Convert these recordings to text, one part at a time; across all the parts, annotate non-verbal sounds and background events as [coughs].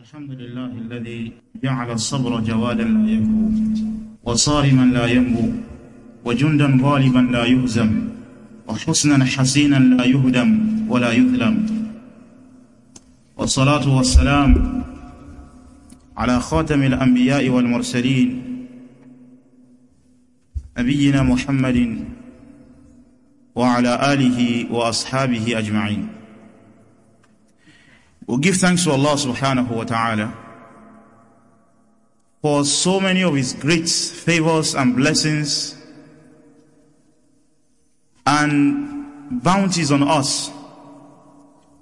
الحمد لله الذي جعل الصبر جوادا لا ينبو وصارما لا ينبو وجندا غالبا لا يهزم وحسنا حسينا لا يهدم ولا يثلم والصلاة والسلام على خاتم الأنبياء والمرسلين نبينا محمد وعلى آله وأصحابه أجمعين We give thanks to Allah subhanahu wa ta'ala for so many of His great favors and blessings and bounties on us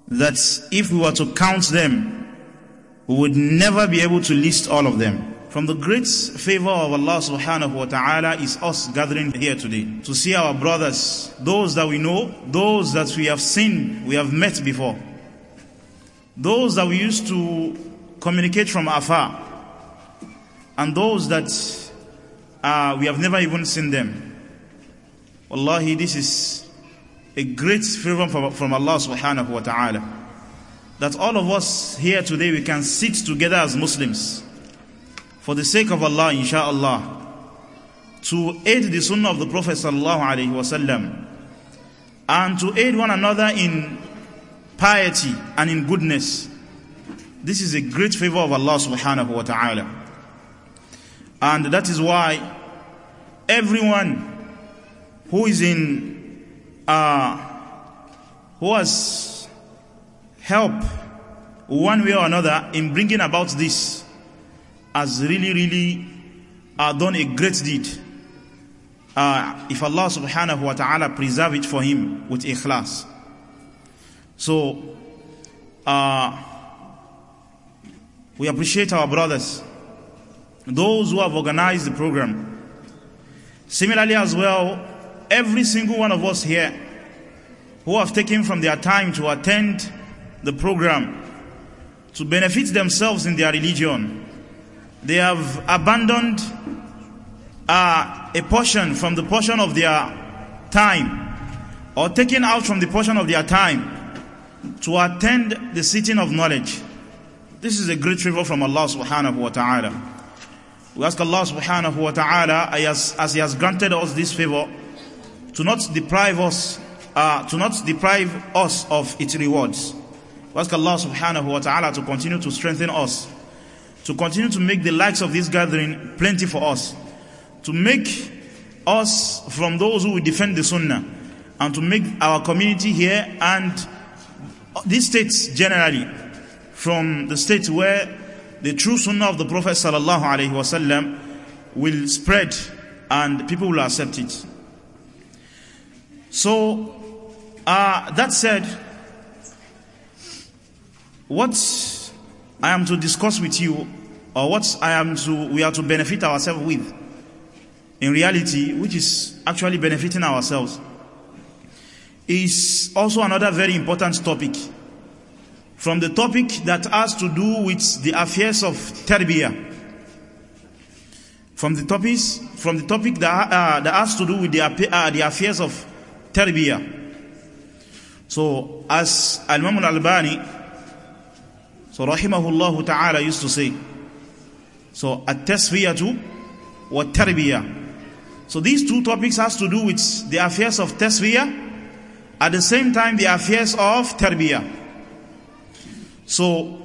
that if we were to count them, we would never be able to list all of them. From the great favor of Allah subhanahu wa ta'ala is us gathering here today to see our brothers, those that we know, those that we have seen, we have met before those that we used to communicate from afar, and those that uh, we have never even seen them. Wallahi, this is a great favor from, from Allah subhanahu wa ta'ala. That all of us here today, we can sit together as Muslims for the sake of Allah, insha'Allah, to aid the sunnah of the Prophet sallallahu alayhi wa sallam and to aid one another in piety and in goodness. This is a great favor of Allah subhanahu wa ta'ala. And that is why everyone who is in, uh, who has helped one way or another in bringing about this has really, really uh, done a great deed. Uh, if Allah subhanahu wa ta'ala preserve it for him with ikhlas. So, uh, we appreciate our brothers, those who have organized the program. Similarly, as well, every single one of us here who have taken from their time to attend the program to benefit themselves in their religion. They have abandoned uh, a portion from the portion of their time or taken out from the portion of their time to attend the sitting of knowledge. This is a great favor from Allah subhanahu wa ta'ala. We ask Allah subhanahu wa ta'ala as, as He has granted us this favor to not deprive us, uh, to not deprive us of its rewards. We ask Allah subhanahu wa ta'ala to continue to strengthen us, to continue to make the likes of this gathering plenty for us, to make us from those who will defend the sunnah, and to make our community here and uh, these states generally, from the states where the true sunnah of the Prophet sallallahu alaihi wasallam will spread and people will accept it. So, uh, that said, what I am to discuss with you, or what I am to, we are to benefit ourselves with, in reality, which is actually benefiting ourselves, is also another very important topic. From the topic that has to do with the affairs of tarbiyah. From the topics, from the topic that, uh, that has to do with the, uh, the affairs of tarbiyah. So, as Al-Imam al-Albani, so rahimahullah ta'ala used to say, so at-tasfiyatu or tarbiyah. So these two topics has to do with the affairs of tasfiyah at the same time, the affairs of tarbiyah. So,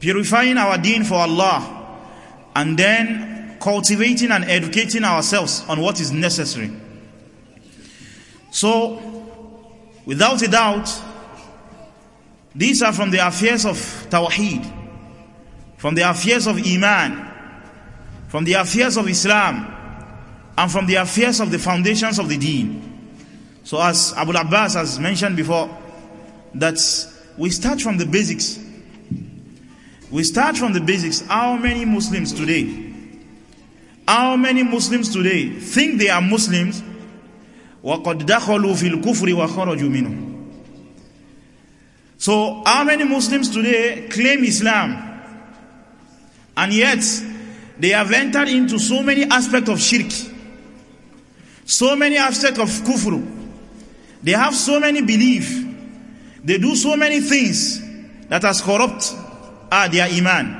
purifying our deen for Allah and then cultivating and educating ourselves on what is necessary. So, without a doubt, these are from the affairs of Tawheed, from the affairs of Iman, from the affairs of Islam, and from the affairs of the foundations of the deen. So as Abu Abbas has mentioned before, that we start from the basics. We start from the basics. How many Muslims today? How many Muslims today think they are Muslims? So how many Muslims today claim Islam and yet they have entered into so many aspects of shirk, so many aspects of kufr, they have so many belief. They do so many things that has corrupt ah, their iman.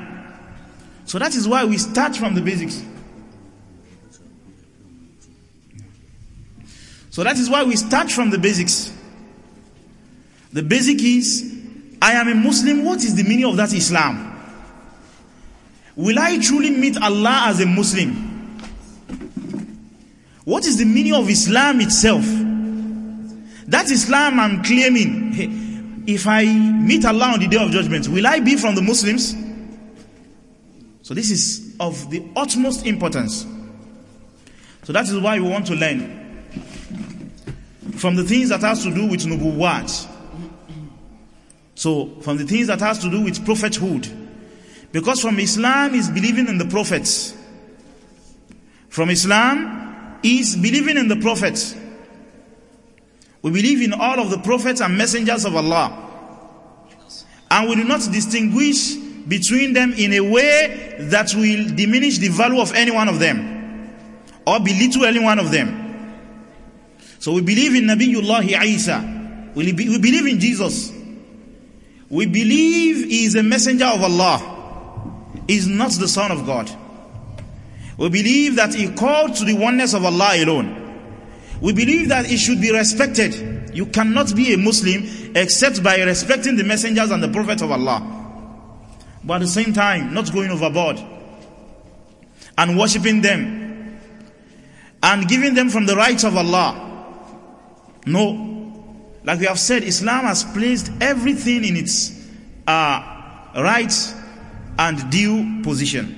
So that is why we start from the basics. So that is why we start from the basics. The basic is, I am a Muslim. What is the meaning of that Islam? Will I truly meet Allah as a Muslim? What is the meaning of Islam itself? That Islam I'm claiming. Hey, if I meet Allah on the day of judgment, will I be from the Muslims? So this is of the utmost importance. So that is why we want to learn from the things that has to do with nubuwat. So from the things that has to do with prophethood. Because from Islam is believing in the prophets. From Islam is believing in the prophets. We believe in all of the prophets and messengers of Allah. And we do not distinguish between them in a way that will diminish the value of any one of them or belittle any one of them. So we believe in Nabiullah Isa. We, we believe in Jesus. We believe he is a messenger of Allah. He is not the son of God. We believe that he called to the oneness of Allah alone. We believe that it should be respected. You cannot be a Muslim except by respecting the messengers and the prophet of Allah. But at the same time, not going overboard and worshipping them and giving them from the rights of Allah. No. Like we have said, Islam has placed everything in its uh, right and due position.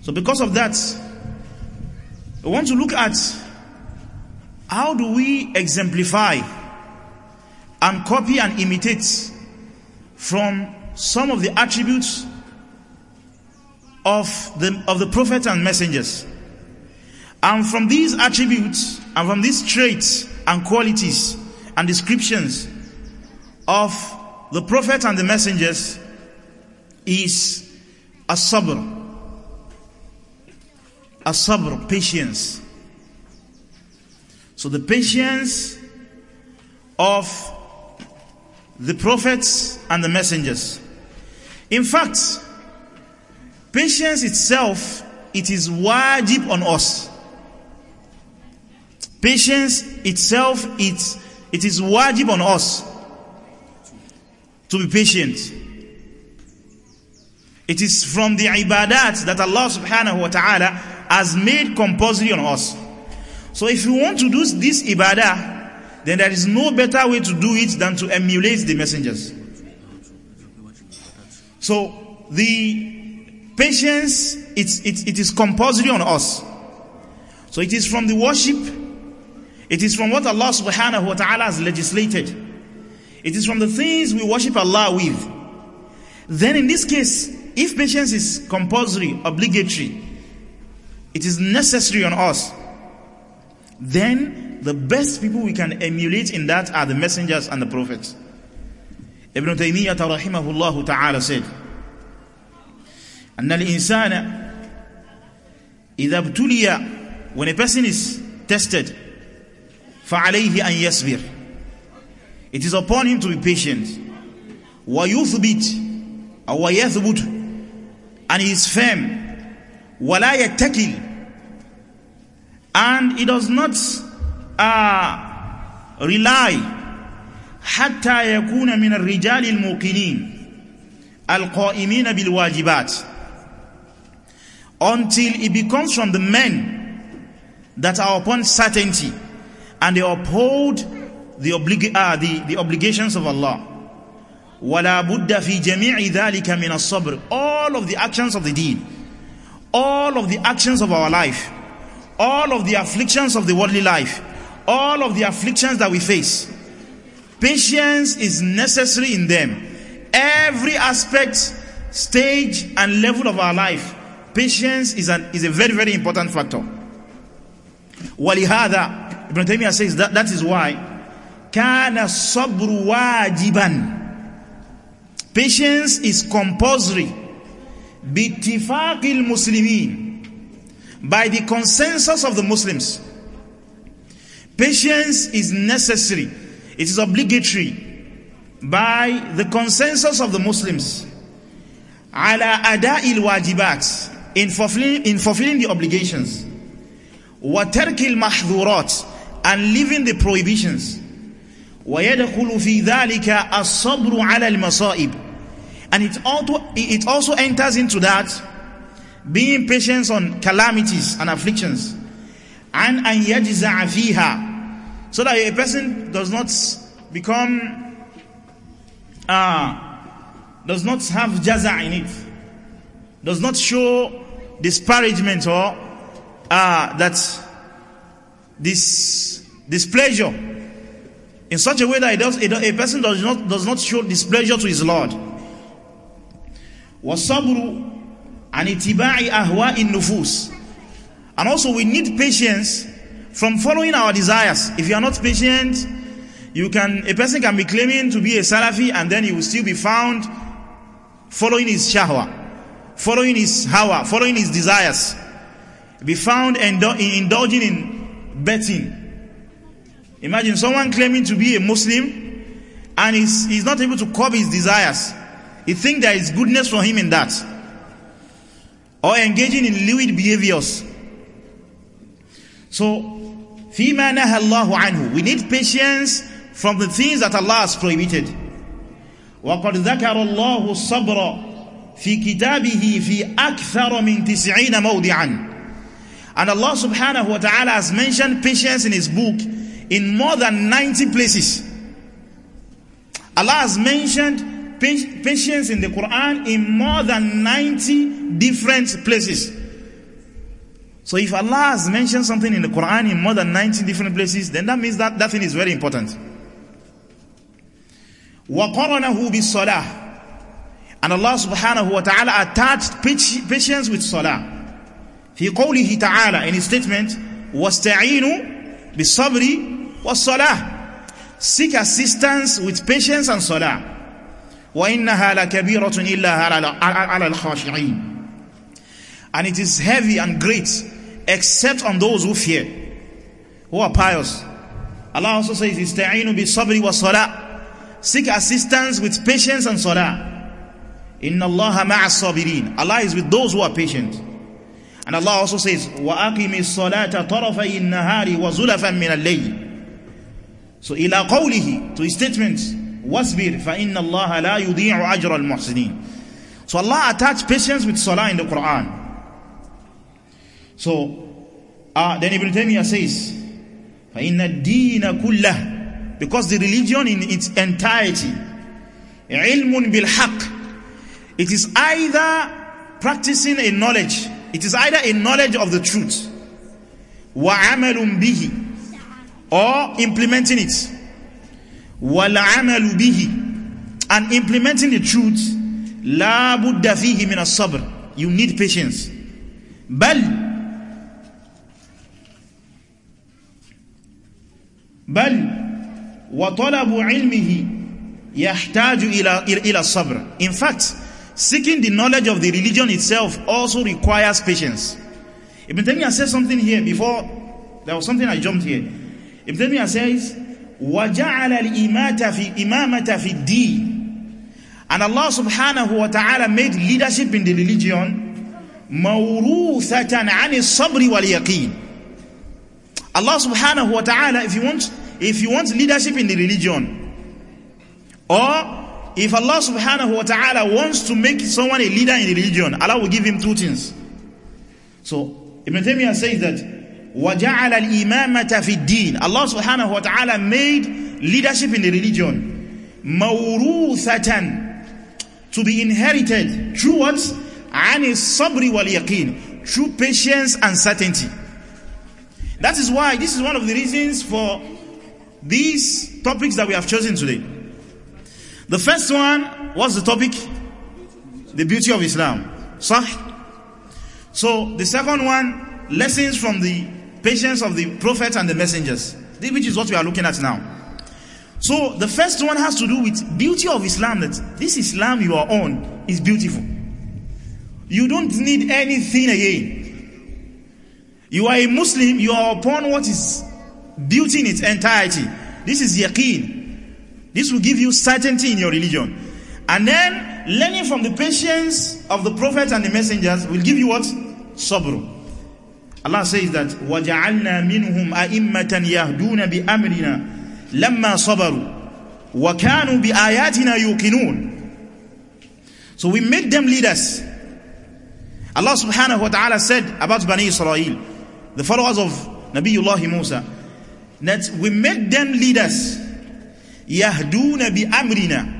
So because of that, we want to look at how do we exemplify and copy and imitate from some of the attributes of the, of the prophet and messengers? And from these attributes and from these traits and qualities and descriptions of the prophet and the messengers is a sabr. A sabr, patience. So the patience of the prophets and the messengers. In fact, patience itself, it is wajib on us. Patience itself, it, it is wajib on us to be patient. It is from the ibadat that Allah subhanahu wa ta'ala has made compulsory on us. So if you want to do this ibadah, then there is no better way to do it than to emulate the messengers. So the patience, it's, it, it is compulsory on us. So it is from the worship. It is from what Allah subhanahu wa ta'ala has legislated. It is from the things we worship Allah with. Then in this case, if patience is compulsory, obligatory, it is necessary on us then the best people we can emulate in that are the messengers and the prophets. Ibn Taymiyyah rahimahullah ta'ala said, أن الإنسان إذا ابتلي when a person is tested فعليه أن يصبر it is upon him to be patient ويثبت أو يثبت and he is firm ولا يتكل and he does not uh, rely حتى يكون من الرجال القائمين بالواجبات until it becomes from the men that are upon certainty and they uphold the, oblig uh, the, the obligations of Allah ولا بد في جميع ذلك من الصبر all of the actions of the deed all of the actions of our life all of the afflictions of the worldly life, all of the afflictions that we face. Patience is necessary in them. Every aspect, stage, and level of our life, patience is, an, is a very, very important factor. ولهذا Ibn Taymiyyah says that that is why كان الصبر واجبا Patience is compulsory Bittifaqil muslimin by the consensus of the Muslims. Patience is necessary, it is obligatory by the consensus of the Muslims. Ala ada'il wajibat in fulfilling, in fulfilling the obligations. Watarkil mahdurat and leaving the prohibitions. ويدخل في ذلك الصبر على المصائب and it also, it also enters into that being patient on calamities and afflictions. And an yajza'a So that a person does not become, uh, does not have jaza in it. Does not show disparagement or uh, that this displeasure in such a way that does, a person does not, does not show displeasure to his Lord. وَصَبْرُ and itiba'i ahwa in nufus. And also we need patience from following our desires. If you are not patient, you can a person can be claiming to be a Salafi and then he will still be found following his shahwa, following his hawa, following his desires. Be found indulging in betting. Imagine someone claiming to be a Muslim and he's, he's not able to curb his desires. He thinks there is goodness for him in that or engaging in lewd behaviors. So, فيما نهى الله عنه. We need patience from the things that Allah has prohibited. وقد ذكر الله الصبر في كتابه في أكثر من تسعين موضعا. And Allah subhanahu wa ta'ala has mentioned patience in His book in more than 90 places. Allah has mentioned patience in the Quran in more than 90 different places. So if Allah has mentioned something in the Quran in more than 90 different places, then that means that that thing is very important. وَقَرَنَهُ بِالصَّلَاةِ And Allah subhanahu wa ta'ala attached patience with salah. في قوله تعالى in his statement sabri بالصبر والصلاة seek assistance with patience and salah وإنها لكبيرة إلا على الخاشعين and it is heavy and great except on those who fear who are pious Allah also says استعينوا بالصبر والصلاة seek assistance with patience and salah إن الله مع الصابرين Allah is with those who are patient and Allah also says وأقم الصلاة طرفي النهار وزلفا من الليل so إلى قوله to his statements wasbir fa inna Allah la yudhi'u ajra al-muhsinin. So Allah attached patience with salah in the Quran. So uh, then Ibn Taymiyyah says, fa inna ad-din kullah because the religion in its entirety ilmun bil haqq it is either practicing a knowledge it is either a knowledge of the truth wa amalun bihi or implementing it وَالْعَمَلُ بِهِ And implementing the truth, لَا بُدَّ فِيهِ مِنَ الصَّبْرِ You need patience. بَلْ بل وطلب علمه يحتاج إلى إلى الصبر. In fact, seeking the knowledge of the religion itself also requires patience. Ibn Taymiyyah says something here before, there was something I jumped here. Ibn Taymiyyah says, وجعل الإمامة في, إمامة في الدين And Allah subhanahu wa ta'ala made leadership in the religion mawruthatan ani sabri wal yaqeen. Allah subhanahu wa ta'ala, if you want, if you want leadership in the religion, or if Allah subhanahu wa ta'ala wants to make someone a leader in the religion, Allah will give him two things. So Ibn Taymiyyah says that وَجَعَلَ الْإِمَامَةَ فِي الدِّينِ Allah subhanahu wa ta'ala made leadership in the religion مَوْرُوثَةً to be inherited through what? عَنِ الصَّبْرِ وَالْيَقِينِ through patience and certainty. That is why this is one of the reasons for these topics that we have chosen today. The first one was the topic, the beauty of Islam. Sah. So the second one, lessons from the Patience of the prophets and the messengers, which is what we are looking at now. So the first one has to do with beauty of Islam. That this Islam you are on is beautiful. You don't need anything again. You are a Muslim. You are upon what is beauty in its entirety. This is yaqeen. This will give you certainty in your religion. And then learning from the patience of the prophets and the messengers will give you what? Sabr. Allah says that وَجَعَلْنَا مِنْهُمْ أَئِمَّةً يَهْدُونَ بِأَمْرِنَا لَمَّا صَبَرُوا وَكَانُوا بِآيَاتِنَا يُوقِنُونَ So we made them leaders. Allah subhanahu wa ta'ala said about Bani Israel, the followers of Nabiullah Musa, that we make them leaders. يَهْدُونَ بِأَمْرِنَا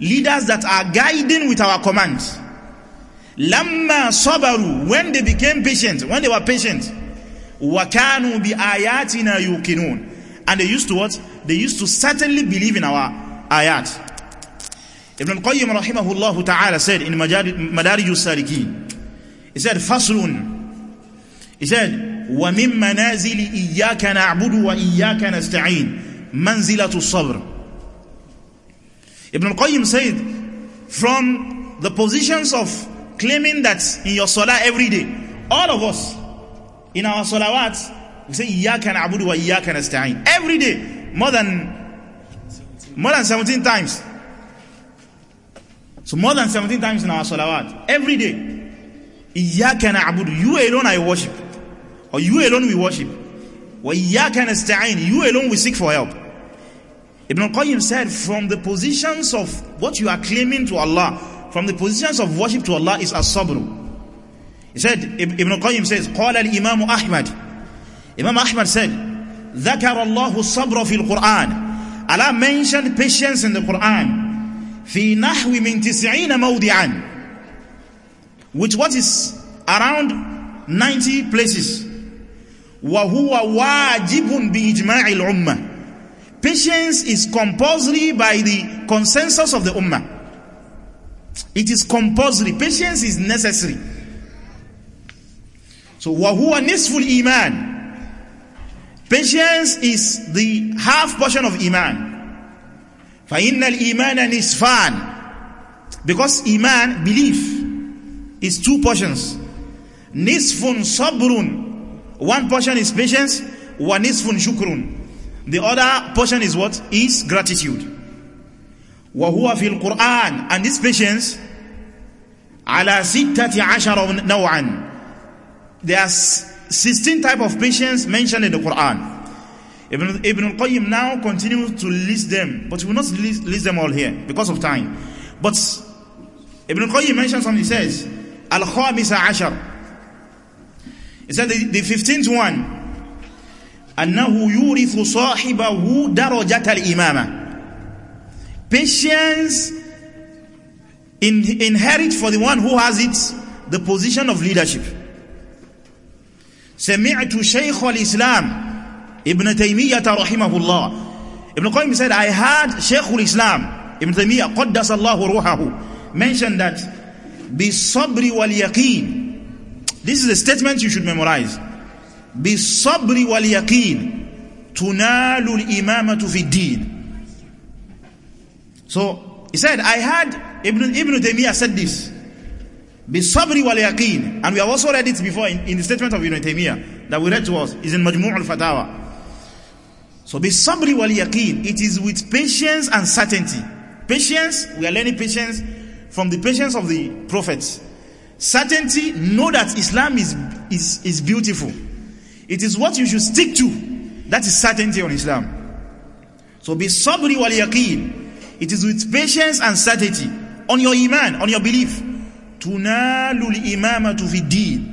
Leaders that are guiding with our commands. Lamma sabaru, when they became patient, when they were patient, wakanu bi ayatina yuqinun. And they used to what? They used to certainly believe in our ayat. Ibn al-Qayyim rahimahullah ta'ala said in Madarij al-Salikin, he said, Faslun, he said, وَمِن مَنَازِلِ إِيَّاكَ wa وَإِيَّاكَ نَسْتَعِينَ مَنْزِلَةُ الصَّبْرِ Ibn al-Qayyim said, from the positions of claiming that in your salah every day. All of us, in our salawat, we say, Iyaka na'budu wa Iyaka nasta'in. Every day, more than, more than 17 times. So more than 17 times in our salawat. Every day. Iyaka na'budu. You alone I worship. Or you alone we worship. Wa Iyaka nasta'in. You alone we seek for help. Ibn al-Qayyim said, from the positions of what you are claiming to Allah, from the positions of worship to Allah is as-sabr. He said, Ibn Qayyim says, قال الإمام أحمد Imam Ahmad said, ذكر الله الصبر في القرآن Allah mentioned patience in the Quran في نحو من تسعين موضعاً which what is around 90 places وَهُوَ وَاجِبٌ بِإِجْمَاعِ الْأُمَّةِ Patience is compulsory by the consensus of the Ummah. It is compulsory. Patience is necessary. So, وَهُوَ nisful iman. Patience is the half portion of Iman. فَإِنَّ الْإِيمَانَ نِصْفَانِ Because Iman, belief, is two portions. Nisfun sabrun, One portion is patience, nisfun shukrun, The other portion is what? Is gratitude. وهو في القرآن and this patience على ستة عشر نوعا there are 16 type of patience mentioned in the Quran Ibn, Ibn al-Qayyim now continues to list them but we will not list, list them all here because of time but Ibn al-Qayyim mentions something he says الخامسة عشر he said the, the 15th one أنه يورث صاحبه درجة الإمامة Patience in, inherit for the one who has it the position of leadership. سمعت Shaykhul Islam Ibn تيمية رحمه الله Ibn Qayyim said, I had Shaykhul islam Ibn Taymiyyah, Qaddas Allahu ruhahu, mention that, Be sabri wal yaqeen. This is a statement you should memorize. Be sabri wal yaqeen. Tunalu al-imamatu fi so he said, I heard Ibn, Ibn Taymiyyah said this. Bisabri wal yaqeen. And we have also read it before in, in the statement of Ibn Taymiyyah that we read to us. is in Majmu' al-Fatawa. So bisabri wal yaqeen. It is with patience and certainty. Patience, we are learning patience from the patience of the prophets. Certainty, know that Islam is, is, is beautiful. It is what you should stick to. That is certainty on Islam. So be sabri wal yaqeen. It is with patience and certainty on your iman, on your belief. Tunalul imama tufidin.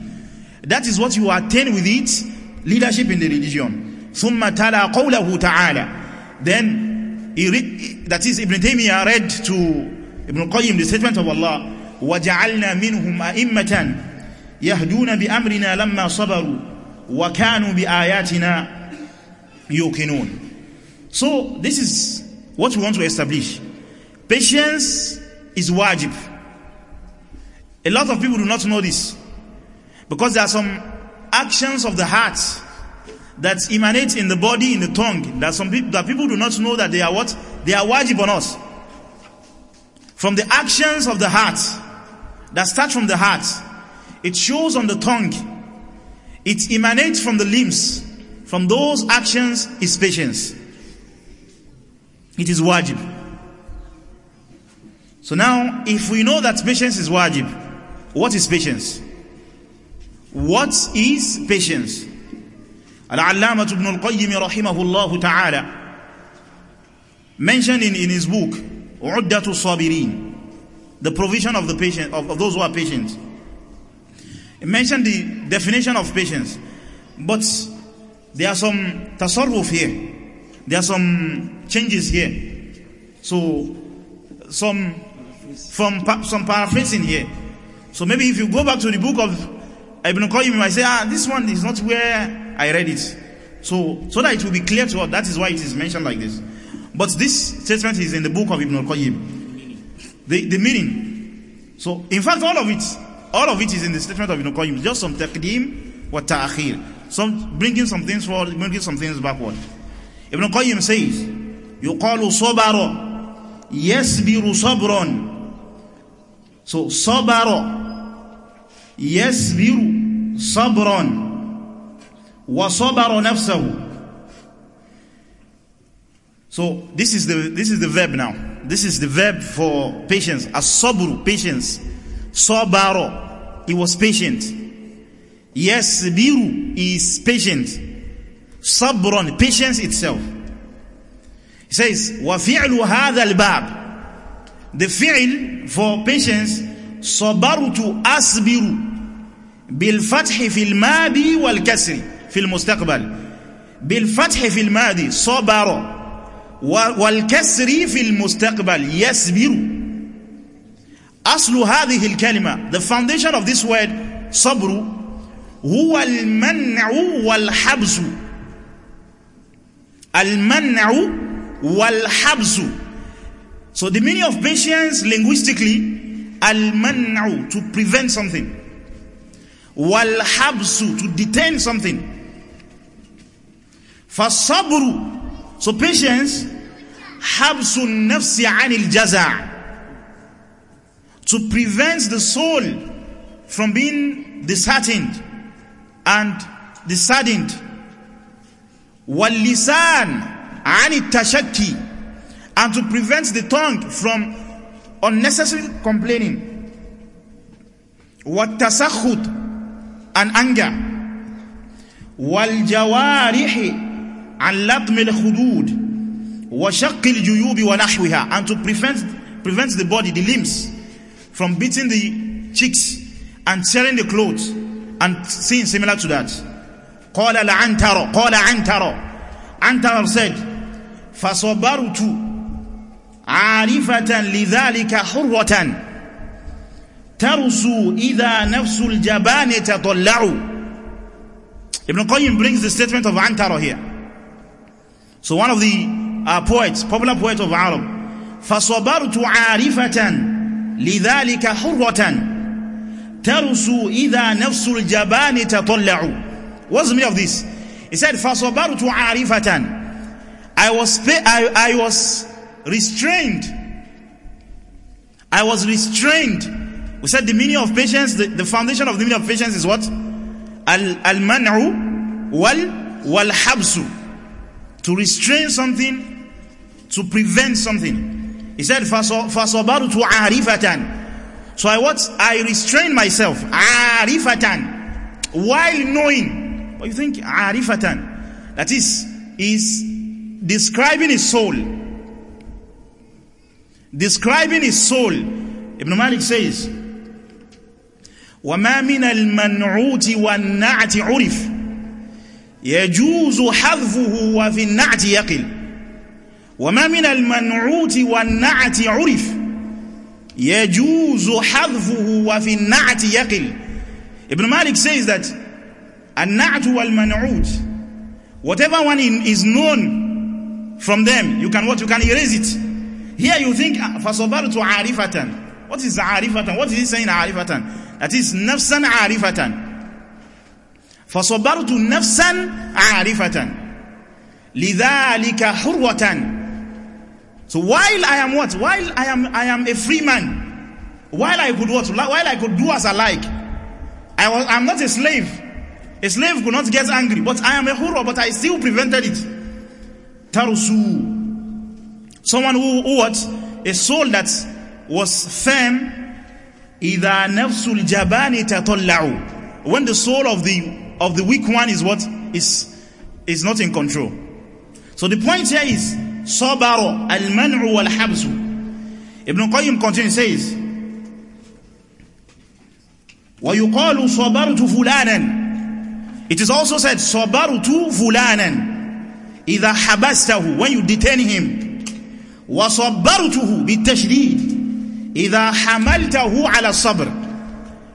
That is what you attain with it, leadership in the religion. Summa tala qawlahu ta'ala. Then, read, that is Ibn Taymiyyah read to Ibn Qayyim the statement of Allah. وَجَعَلْنَا مِنْهُمْ أَئِمَّةً يَهْدُونَ بِأَمْرِنَا لَمَّا صَبَرُوا وَكَانُوا بِآيَاتِنَا يُوقِنُونَ So this is what we want to establish. Patience is wajib. A lot of people do not know this because there are some actions of the heart that emanate in the body, in the tongue, that some people, that people do not know that they are what? They are wajib on us. From the actions of the heart, that start from the heart, it shows on the tongue, it emanates from the limbs, from those actions is patience. It is wajib. So now, if we know that patience is wajib, what is patience? What is patience? Al-Allamah ibn al-Qayyim rahimahullah ta'ala mentioned in, in his book, Uddatu Sabirin, the provision of the patient, of, of those who are patient. He mentioned the definition of patience, but there are some tasarruf here. There are some changes here. So some from some paraphrasing here. So maybe if you go back to the book of Ibn Qayyim, you might say, ah, this one is not where I read it. So, so that it will be clear to us, that is why it is mentioned like this. But this statement is in the book of Ibn Qayyim. The, the meaning. So, in fact, all of it, all of it is in the statement of Ibn Qayyim. Just some taqdeem wa ta'akhir. Some, bringing some things forward, bringing some things backward. Ibn Qayyim says, yuqalu sabara yasbiru sabran so sabara yasbiru sabran wa sabara nafsahu so this is the this is the verb now this is the verb for patience as-sabru patience sabara he was patient yes is patient sabron patience itself He says, وَفِعْلُ هَذَا الْبَابِ The fi'l for patience, صَبَرْتُ أَصْبِرُ بالفتح في الماضي والكسر في المستقبل بالفتح في الماضي صبر والكسر في المستقبل يسبر أصل هذه الكلمة the foundation of this word صبر هو المنع والحبس المنع wal habzu. So the meaning of patience linguistically, al man'u to prevent something, wal habzu to detain something. Fasabru, so patience, habsu nafsi anil jaza' to prevent the soul from being disheartened and disheartened. Wal lisan and to prevent the tongue from unnecessary complaining والتسخط and anger والجوارح عن لطم الخدود وشق الجيوب ونحوها and to prevent prevent the body the limbs from beating the cheeks and tearing the clothes and things similar to that قال لعنتر قال عنتر عنتر said فصبرت عارفة لذلك حرة ترسو إذا نفس الجبان تطلع Ibn Qayyim brings the statement of antaro here. So one of the uh, poets, popular poet of Arab, فَصَبَرْتُ عَارِفَةً لِذَلِكَ حُرَّةً تَرْسُ إِذَا نَفْسُ الْجَبَانِ تَطَلَّعُ What's the meaning of this? He said, فَصَبَرْتُ عَارِفَةً I was, I, I was restrained. I was restrained. We said the meaning of patience, the, the foundation of the meaning of patience is what? Al-man'u wal wal habsu. To restrain something, to prevent something. He said, فَصَبَرْتُ arifatan. So I what? I restrained myself. arifatan While knowing. But you think arifatan That is, is describing his soul. Describing his soul. Ibn Malik says, وما من المنعوت والنعت عرف يجوز حذفه وفي النعت يقل وما من المنعوت والنعت عرف يجوز حذفه وفي النعت يقل Ibn Malik says that النعت والمنعوت whatever one is known from them. You can what? You can erase it. Here you think, ah, to arifatan. What is arifatan? What is he saying arifatan? That arifatan. نَفْسًا عَارِفَةً فَصَبَرْتُ نَفْسًا عَارِفَةً لِذَلِكَ حُرْوَةً So while I am what? While I am, I am a free man. While I could what? While I could do as I like. I was, I'm not a slave. A slave could not get angry, but I am a hurrah, but I still prevented it. Tarusu. Someone who, who what? A soul that was firm. إِذَا نَفْسُ الْجَبَانِ تَطَلَّعُ When the soul of the, of the weak one is what? Is, is not in control. So the point here is, صَبَرُ الْمَنْعُ وَالْحَبْسُ Ibn Qayyim continues, says, وَيُقَالُ صَبَرْتُ فُلَانًا It is also said, صَبَرْتُ فُلَانًا إذا حبسته when you detain him وصبرته بالتشديد إذا حملته على الصبر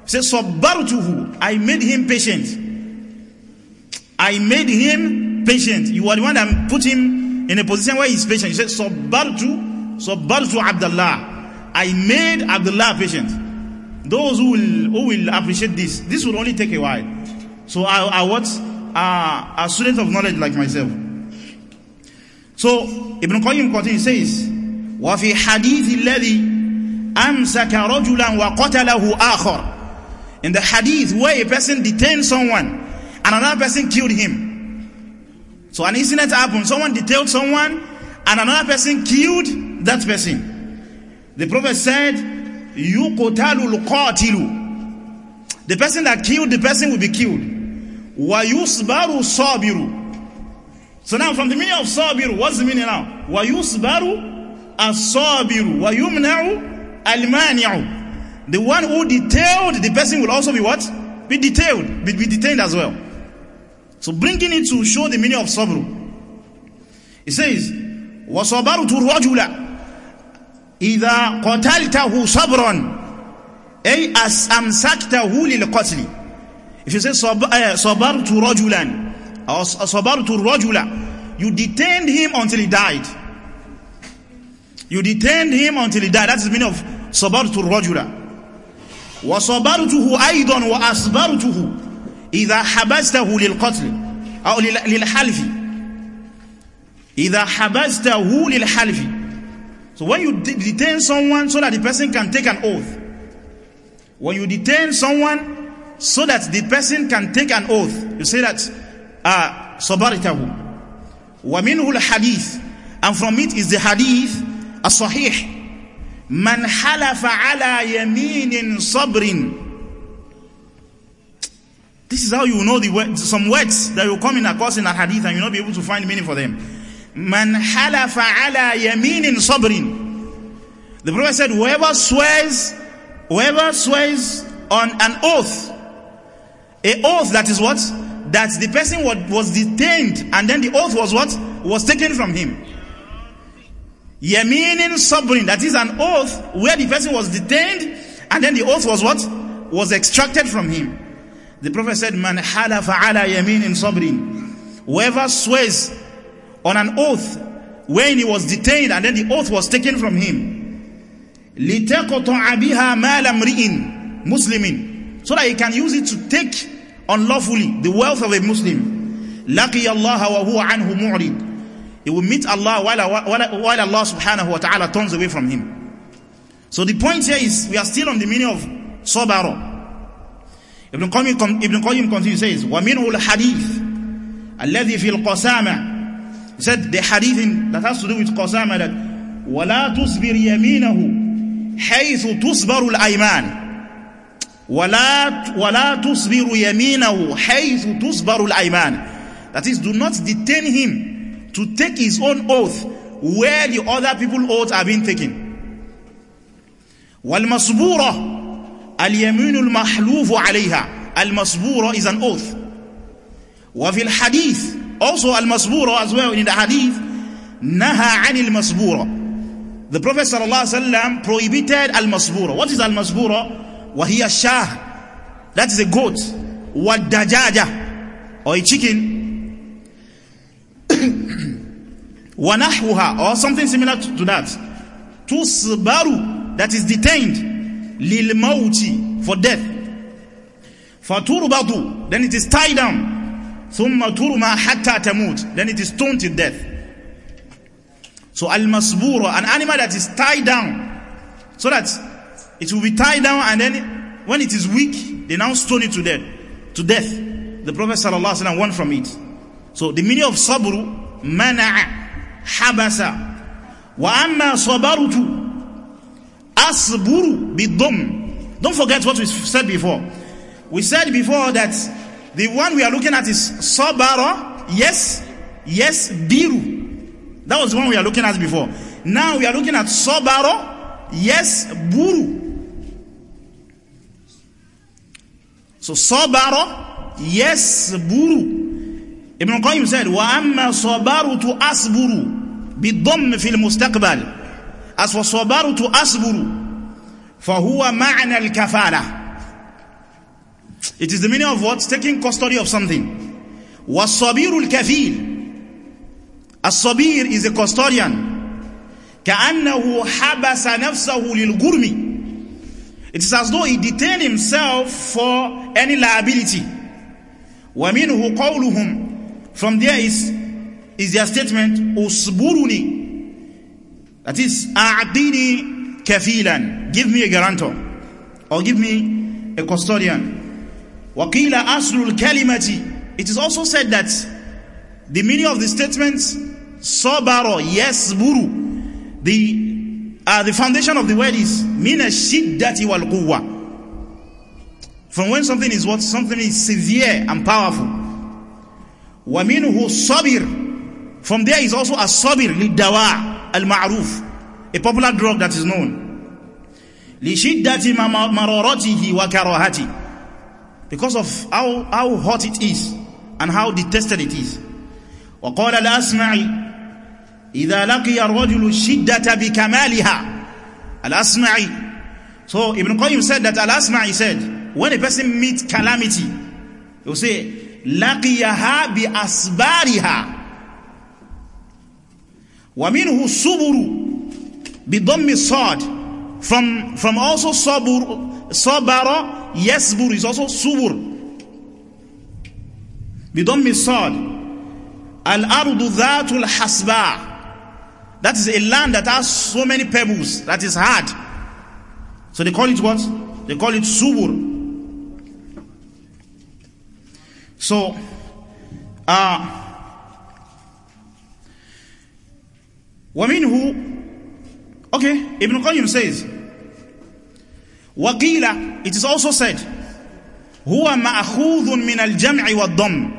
say صبرته I made him patient I made him patient you are the one that put him in a position where he's patient you say صبرت صبرت Abdullah I made Abdullah patient those who will, who will appreciate this this will only take a while so I, I what uh, a student of knowledge like myself so Ibn Qayyim continues, says, وَفِي حَدِيثِ الَّذِي أَمْسَكَ wa qatalahu آخَرٍ In the hadith where a person detained someone and another person killed him. So an incident happened. Someone detained someone and another person killed that person. The Prophet said, يُقْتَلُ الْقَاتِلُ The person that killed the person will be killed. Wa yusbaru صَابِرُ so now from the meaning of sabir, what's the meaning now? وَيُصْبَرُ الصَّابِرُ وَيُمْنَعُ الْمَانِعُ The one who detailed, the person will also be what? Be detailed, be, be detained as well. So bringing it to show the meaning of sabr. It says, وَصَبَرْتُ الرَّجُلَ إِذَا قَتَلْتَهُ صَبْرًا أي أَسْأَمْسَكْتَهُ لِلْقَتْلِ If you say صَبَرْتُ رَجُلًا eh, rajula. You detained him until he died. You detained him until he died. That's the meaning of sabartu rajula. وصبرته أيضا وأصبرته إذا حبسته للقتل أو للحلف إذا lil للحلف So when you detain someone so that the person can take an oath when you detain someone so that the person can take an oath you say that uh, sabartahu ومنه الحديث and from it is the hadith الصحيح من حلف على يمين صبر this is how you know the word, some words that will come in across in a hadith and you'll not be able to find meaning for them من حلف على يمين صبر the prophet said whoever swears whoever swears on an oath a oath that is what that the person was detained and then the oath was what? Was taken from him. Yaminin sabrin, that is an oath where the person was detained and then the oath was what? Was extracted from him. The Prophet said, Man halafa ala yaminin sabrin. Whoever swears on an oath when he was detained and then the oath was taken from him. لِتَقْطَعَ بِهَا مَالَ امْرِئٍ Muslimin. So that he can use it to take unlawfully the wealth of a Muslim, لَقِيَ اللَّهَ وَهُوَ عَنْهُ مُعْرِض He will meet Allah while, while Allah subhanahu wa ta'ala turns away from him. So the point here is, we are still on the meaning of sabara. Ibn Qayyim, Ibn Qayyim continues, says, وَمِنْهُ الْحَدِيث الَّذِي فِي الْقَسَامَةِ He said, the hadith that has to do with qasama that, وَلَا تُصْبِرْ يَمِينَهُ حَيْثُ تُصْبَرُ الْأَيْمَانِ ولا, ولا تصبر يمينه حيث تصبر الأيمان that is do not detain him to take his own oath where the other people oaths have been taken والمصبورة اليمين المحلوف عليها المصبورة is an oath وفي الحديث also المصبورة as well in the hadith نهى عن المصبورة the Prophet صلى الله عليه وسلم prohibited المصبورة what is المصبورة Wahiya shah. That is a goat. Wadajaja. Or a chicken. [coughs] Wanahuha, Or something similar to, to that. Tusbaru. That is detained. Lilmauti. For death. Faturubatu, Then it is tied down. ثم ma hatta temut, Then it is stoned to death. So al-masbura, an animal that is tied down so that it will be tied down and then when it is weak, they now stone it to death. To death. The Prophet ﷺ won from it. So the meaning of sabru, mana'a, habasa. Wa amma sabarutu, asburu bidum. Don't forget what we said before. We said before that the one we are looking at is sabara, yes, yes, biru. That was the one we are looking at before. Now we are looking at sabara, yes, buru. So sabara yasburu. Ibn al-Qayyim said, وَأَمَّا صَبَرْتُ أَصْبُرُ بِالضَّمِّ فِي الْمُسْتَقْبَلِ As for صَبَرْتُ أَصْبُرُ فَهُوَ مَعْنَى الْكَفَالَةِ It is the meaning of what? Taking custody of something. وَالصَّبِيرُ الْكَفِيلُ الصَّبِير is a custodian. كَأَنَّهُ حَبَسَ نَفْسَهُ للجرمي It is as though he detained himself for any liability. From there is, is their statement, أُصْبُرُنِي That is, أَعْدِنِي كَفِيلًا Give me a guarantor. Or give me a custodian. Waqila أَصْلُ kalimati. It is also said that the meaning of the statements, The uh, the foundation of the word is min ashiddati wal quwwa. From when something is what something is severe and powerful. Wa minhu sabir. From there is also a sabir lidawa al-ma'ruf, a popular drug that is known. Lishiddati mararatihi wa karahati. Because of how, how hot it is and how detested it is. وقال لا أسمعي إذا لقي الرجل الشدة بكمالها al so Ibn Qayyim said that Al-Asma'i said when a person meets calamity he will say laqiyaha bi asbariha wa minhu suburu bi dhammi sad from from also sabur sabara yasbur is also subur bi dhammi sad al-ardu dhatu al-hasba' That is a land that has so many pebbles that is hard. So they call it what? They call it subur. So, uh, ومنه Okay, Ibn Qayyim says, وَقِيلَ It is also said, هُوَ مَأْخُوذٌ مِنَ الْجَمْعِ وَالضَّمِّ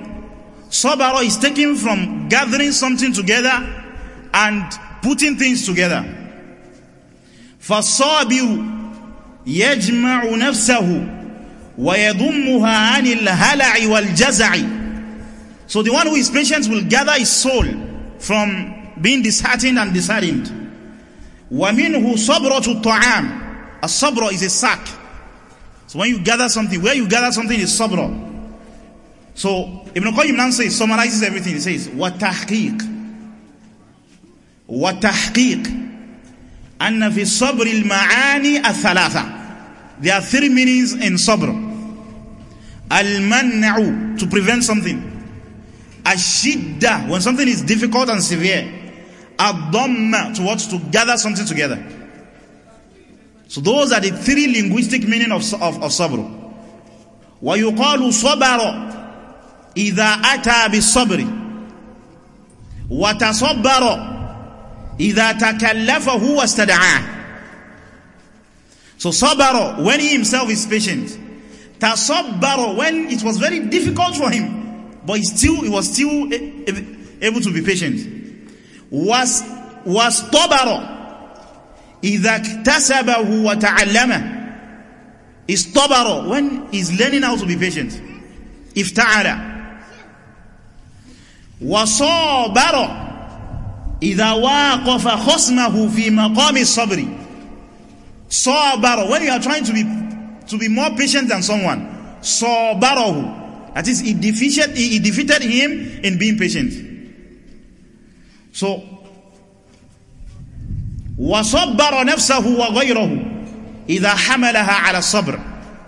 Sabara is taken from gathering something together and putting things together. فالصابر يجمع نفسه ويضمها عن الهلع والجزع So the one who is patient will gather his soul from being disheartened and disheartened. وَمِنْهُ صَبْرَةُ الطَّعَامِ A sabra is a sack. So when you gather something, where you gather something is sabra. So Ibn Qayyim now says, summarizes everything. He says, وَتَحْقِيقِ وتحقيق أن في الصبر المعاني الثلاثة There are three meanings in صبر المنع to prevent something الشدة when something is difficult and severe الضم to what to gather something together So those are the three linguistic meaning of, of, of صبر ويقال صبر إذا أتى بالصبر وتصبر idha takallafahu wastada'a so sabara when he himself is patient tasabbara when it was very difficult for him but he still he was still able to be patient was was tabara idha iktasabahu wa is istabara when he's learning how to be patient ifta'ala wasabara إذا واقف خصمه في مقام الصبر صابره when you are trying to be to be more patient than someone صَبرَهُ that is he defeated he, he defeated him in being patient so وصبر نفسه وغيره إذا حملها على الصبر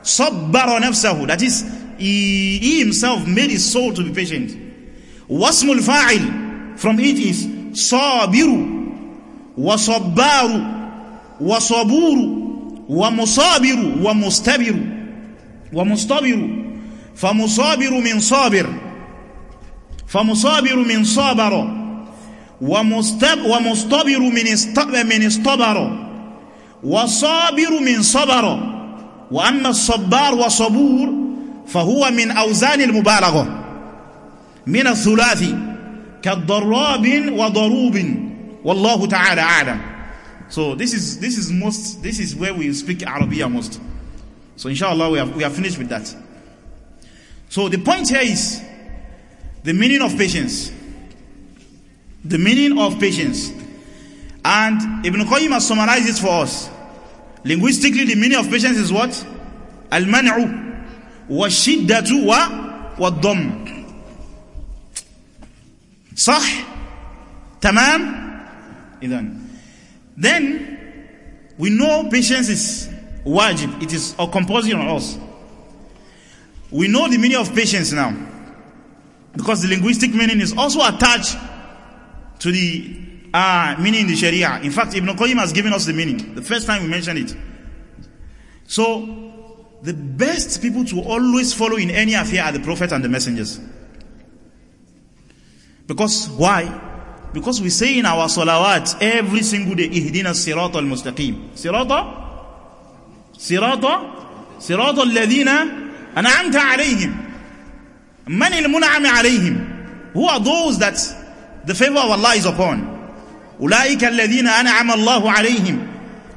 صبر نفسه that is he, he himself made his soul to be patient واسم الفاعل from it is صابر وصبار وصبور ومصابر ومستبر ومستبر فمصابر من صابر فمصابر من صابر ومستبر من من استبر وصابر من صبر وأما الصبار وصبور فهو من أوزان المبالغة من الثلاثي كالضراب وضروب والله تعالى أعلم so this is this is most this is where we speak Arabia most so inshallah we have, we have finished with that so the point here is the meaning of patience the meaning of patience and Ibn Qayyim has summarized it for us linguistically the meaning of patience is what al-man'u wa shiddatu wa wa صح تمام إذن then we know patience is wajib it is a compulsion on us we know the meaning of patience now because the linguistic meaning is also attached to the uh, meaning in the Sharia. In fact, Ibn Qayyim has given us the meaning the first time we mentioned it. So, the best people to always follow in any affair are the Prophet and the messengers. Because why? Because we say in our salawat every single day, Ihdina sirata al-mustaqim. Sirata? Sirata? Sirata al-ladhina an'amta alayhim. Man munam alayhim. Who are those that the favor of Allah is upon? أولئك الذين Allahu alayhim.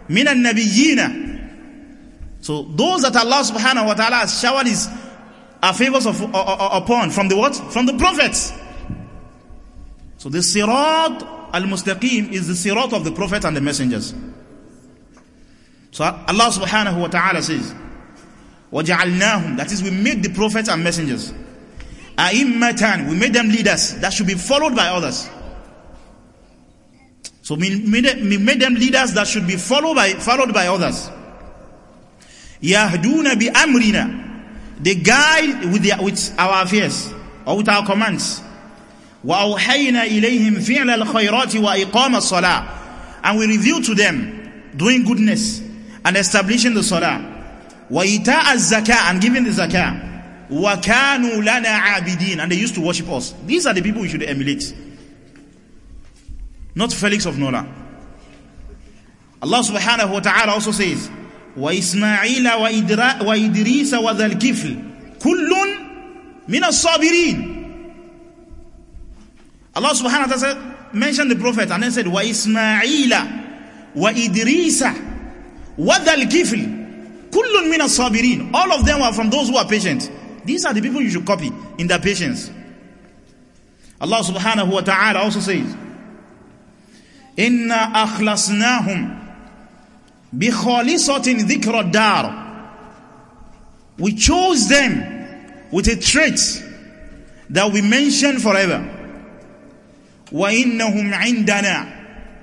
Min al-nabiyyina. So those that Allah subhanahu wa ta'ala has showered his, uh, favors of, uh, uh, upon from the what? From the prophets. So the sirat al-mustaqim is the sirat of the prophet and the messengers. So Allah subhanahu wa ta'ala says, وَجَعَلْنَاهُمْ That is, we made the prophets and messengers. أَئِمَّةً We made them leaders that should be followed by others. So we made, we made them leaders that should be followed by, followed by others. يَهْدُونَ بِأَمْرِنَا They guide with, with our affairs or with our commands. وَأَوْحَيْنَا إِلَيْهِمْ فِعْلَ الْخَيْرَاتِ وَإِقَامَ الصَّلَاةِ And we revealed to them doing goodness and establishing the salah. وَإِتَاءَ الزَّكَاةِ And giving the zakah. وَكَانُوا لَنَا عَابِدِينَ And they used to worship us. These are the people we should emulate. Not Felix of Nola. Allah subhanahu wa ta'ala also says, وَإِسْمَاعِيلَ وَإِدْرِيسَ وَذَا الْكِفْلِ كُلٌّ مِنَ الصَّابِرِينَ Allah subhanahu wa ta'ala mentioned the prophet and then said, Wa Ismaila, Wa Idrisa, Wa Dal kifil, Kullun mina sabirin All of them were from those who are patient. These are the people you should copy in their patience. Allah subhanahu wa ta'ala also says, Inna akhlasnahum bi khalisatin dhikra dar. We chose them with a trait that we mention forever. وَإِنَّهُمْ عِنْدَنَا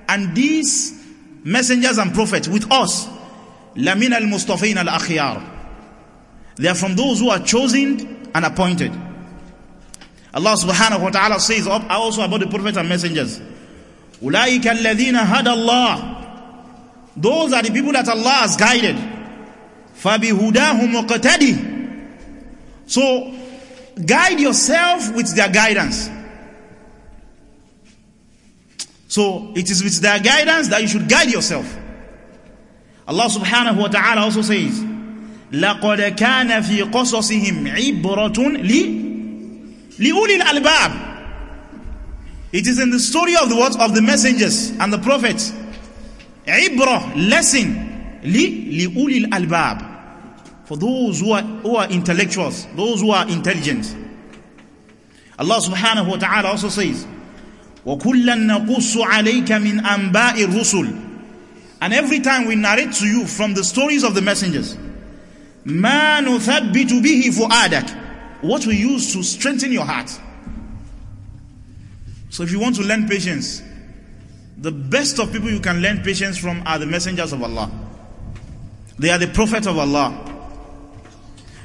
And these messengers and prophets with us لَمِنَ الْمُصْطَفِينَ الْأَخْيَارِ They are from those who are chosen and appointed. Allah subhanahu wa ta'ala says also about the prophets and messengers. أُولَٰئِكَ الَّذِينَ هَدَى اللَّهِ Those are the people that Allah has guided. فَبِهُدَاهُ مُقْتَدِي So, guide yourself with their guidance. So it is with their guidance that you should guide yourself. Allah subhanahu wa ta'ala also says, لَقَدْ كَانَ فِي قَصَصِهِمْ عِبْرَةٌ لِي لِأُولِي الْأَلْبَابِ It is in the story of the words of the messengers and the prophets. Ibrah, lesson. Li, li'ulil albab. For those who are, who are intellectuals, those who are intelligent. Allah subhanahu wa ta'ala also says, وَكُلًّا نَقُصُّ عَلَيْكَ مِنْ أَنْبَاءِ الرُّسُلِ And every time we narrate to you from the stories of the messengers, مَا نُثَبِّتُ بِهِ فُؤَادَكَ What we use to strengthen your heart. So if you want to learn patience, the best of people you can learn patience from are the messengers of Allah. They are the prophet of Allah.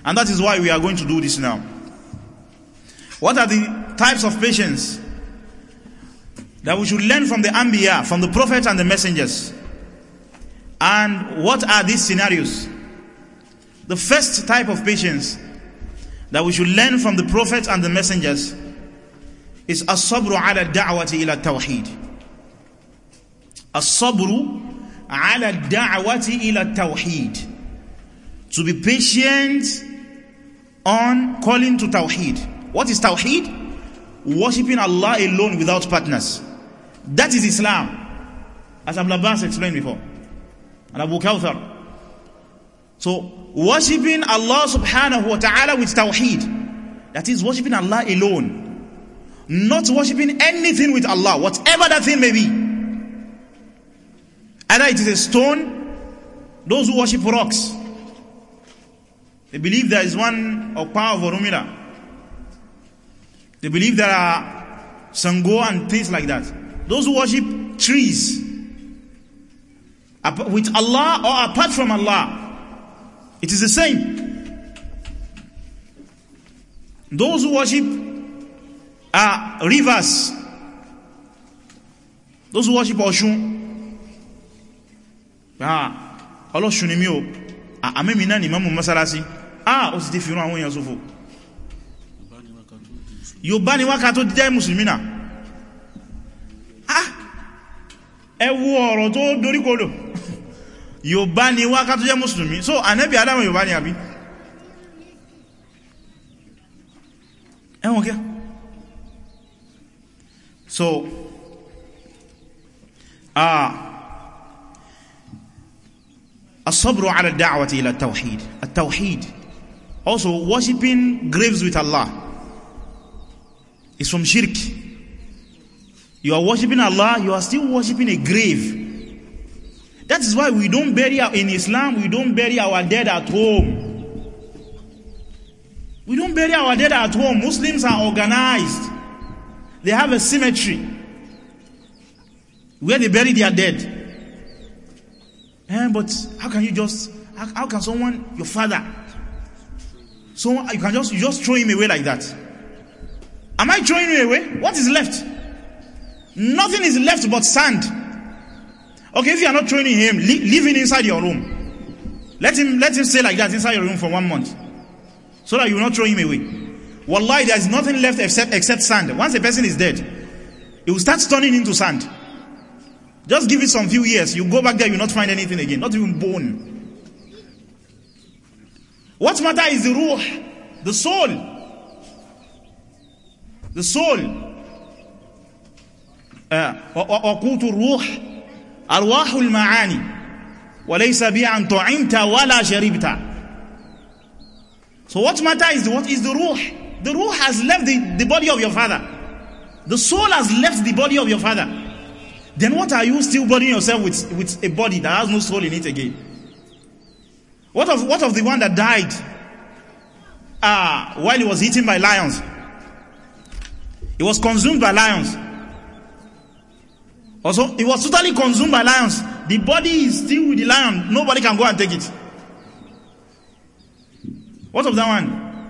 And that is why we are going to do this now. What are the types of patience? that we should learn from the Anbiya, from the prophets and the messengers. And what are these scenarios? The first type of patience that we should learn from the prophets and the messengers is as-sabru ala da'wati ila tawheed. As-sabru ala da'wati ila tawheed. To be patient on calling to tawheed. What is tawheed? Worshipping Allah alone without partners. That is Islam. As Abu Abbas explained before. And Abu Kawthar. So, worshipping Allah subhanahu wa ta'ala with tawheed. That is worshipping Allah alone. Not worshipping anything with Allah, whatever that thing may be. Either it is a stone, those who worship rocks. They believe there is one power of Orumira. They believe there are Sango and things like that. Those who worship trees with Allah or apart from Allah, it is the same. Those who worship uh, rivers, those who worship Oshun, ah, Ọlọ́ṣun ni mí o, àmẹ́mi náà ni mamu mọ́sálásí, ah, ó sì ti fi rán àwọn èèyàn sófò. Yorùbá ni wákàtí ó jẹ́ Mùsùlùmí Ah, wo ọ̀rọ̀ tó doríkodò Yobani ni wá ká tó jẹ́ so anẹ́bí Ádámù Yorùbá ni àbí ẹwọ̀n kí so ah, asabru ala da'wati ila tawhid tawhid also worshiping graves with Allah is from shirk you are worshipping Allah, you are still worshipping a grave. That is why we don't bury our, in Islam, we don't bury our dead at home. We don't bury our dead at home. Muslims are organized. They have a cemetery where they bury their dead. Eh, but how can you just, how, how can someone, your father, so you can just, you just throw him away like that? Am I throwing him away? What is left? Nothing is left but sand. Okay, if you are not training him, leave him inside your room. Let him let him stay like that inside your room for one month. So that you will not throw him away. Wallahi, there is nothing left except except sand. Once a person is dead, it will start turning into sand. Just give it some few years. You go back there, you'll not find anything again, not even bone. What matter is the ruh, the soul. The soul. وقوت الروح أرواح المعاني وليس طعمت ولا شربت So what matter is the, what is the ruh? The ruh has left the, the body of your father. The soul has left the body of your father. Then what are you still burdening yourself with, with a body that has no soul in it again? What of, what of the one that died uh, while he was eaten by lions? He was consumed by lions. Also, it was totally consumed by lions. The body is still with the lion. Nobody can go and take it. What of that one?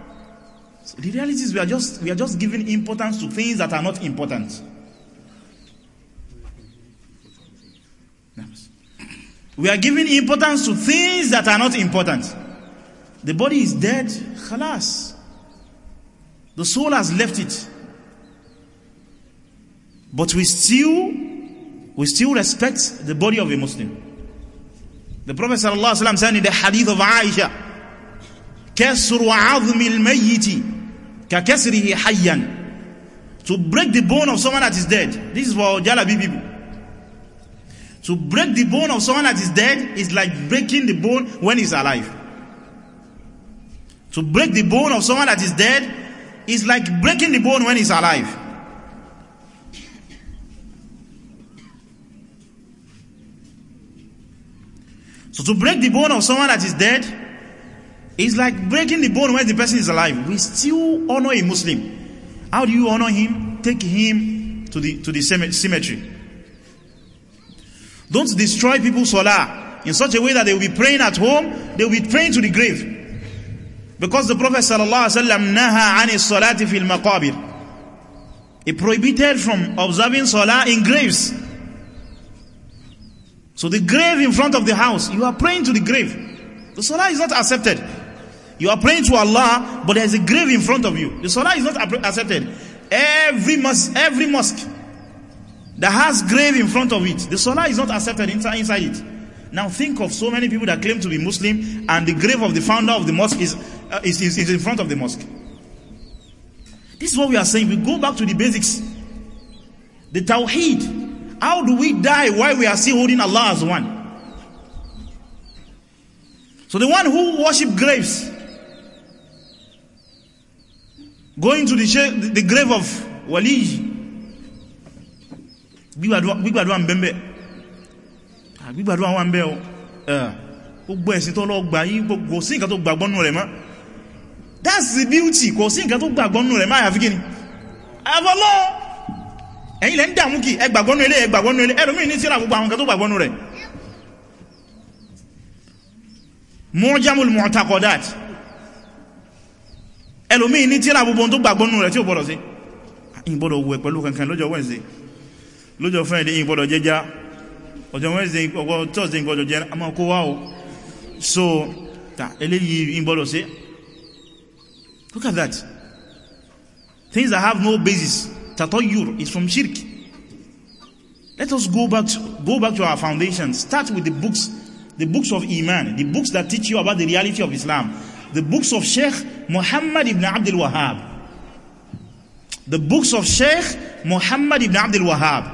So the reality is we are just we are just giving importance to things that are not important. We are giving importance to things that are not important. The body is dead, khalas. The soul has left it. But we still we still respect the body of a Muslim. The Prophet said in the hadith of Aisha, كَسْرُ عَظْمِ الْمَيِّتِ كَكَسْرِهِ حَيًّا To break the bone of someone that is dead. This is for Jalabi people. To break the bone of someone that is dead is like breaking the bone when he's alive. To break the bone of someone that is dead is like breaking the bone when he's alive. So to break the bone of someone that is dead is like breaking the bone when the person is alive. We still honor a Muslim. How do you honor him? Take him to the to the cemetery. Don't destroy people's salah in such a way that they will be praying at home, they will be praying to the grave. Because the Prophet sallallahu alaihi wasallam naha ani salati fil maqabir. He prohibited from observing salah in graves. So the grave in front of the house, you are praying to the grave. The salah is not accepted. You are praying to Allah, but there is a grave in front of you. The salah is not accepted. Every mosque, every mosque that has grave in front of it, the salah is not accepted inside, inside it. Now think of so many people that claim to be Muslim, and the grave of the founder of the mosque is, uh, is, is, is in front of the mosque. This is what we are saying. We go back to the basics. The Tawheed How do we die while we are still holding Allah as one? So the one who worship graves, going to the, the grave of Waliji, gbígbàdúwà ń bẹ́m̀bẹ̀ ah, gbígbàdúwà wà ń bẹ́ eh, gbogbo ẹ̀sìn tó lọ gbà yí kò sí nǹkan tó gbàgbọ́nù rẹ̀ mọ́ that's the beauty kò sí nǹkan tó gbàgbọ́nù rẹ̀ mọ́ àyàfi kí ni àyàfọ́lọ́ọ̀ ẹ̀yin lẹ́ ń dààmú kì ẹgbàgbọ́nú ilé ẹgbàgbọ́nú ilé ẹlòmí ní síra gbogbo àwọn kan tó gbàgbọ́nú rẹ̀ Mu'jamul Mu'taqadat ẹlòmí ní síra gbogbo tó gbàgbọ́nú rẹ̀ tí ò gbọ́dọ̀ sí ìgbọ́dọ̀ wẹ̀ pẹ̀lú kankan lọ́jọ́ Wednesday lọ́jọ́ Friday ìgbọ́dọ̀ jẹja ọjọ́ Wednesday ọjọ́ Thursday ìgbọ́dọ̀ jẹ àmọ́ kó wá look at that things that have no basis Tatayyur is from shirk. Let us go back, to, go back to our foundation. Start with the books, the books of Iman, the books that teach you about the reality of Islam, the books of Sheikh Muhammad ibn Abdul Wahhab. The books of Sheikh Muhammad ibn Abdul Wahhab.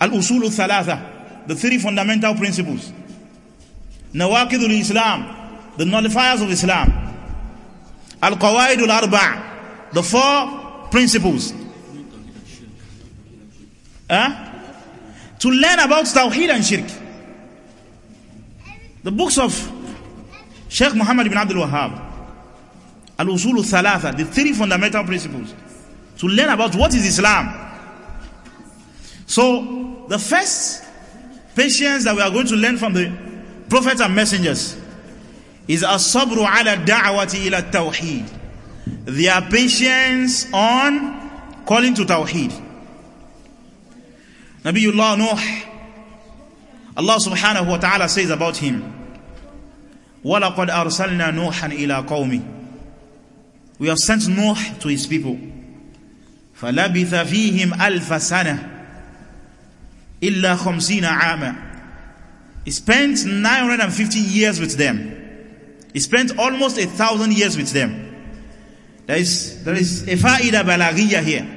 Al-Usul al-Thalatha, the three fundamental principles. Nawakidul Islam, the nullifiers of Islam. al Qawaidul al-Arba', the four principles huh? to learn about Tawheed and Shirk. The books of Sheikh Muhammad ibn Abdul Wahhab, Al Usul Thalatha, the three fundamental principles, to learn about what is Islam. So, the first patience that we are going to learn from the prophets and messengers is as-sabru ala da'wati ila tawheed. Their patience on calling to tawheed. Nabiullah Nuh, Allah subhanahu wa ta'ala says about him, وَلَقَدْ أَرْسَلْنَا نُوحًا إِلَىٰ قَوْمِ We have sent Nuh to his people. فَلَبِثَ فِيهِمْ أَلْفَ سَنَةً إِلَّا خَمْسِينَ عَامًا He spent 950 years with them. He spent almost a thousand years with them. There is, there is a fa'idah balaghiyah here.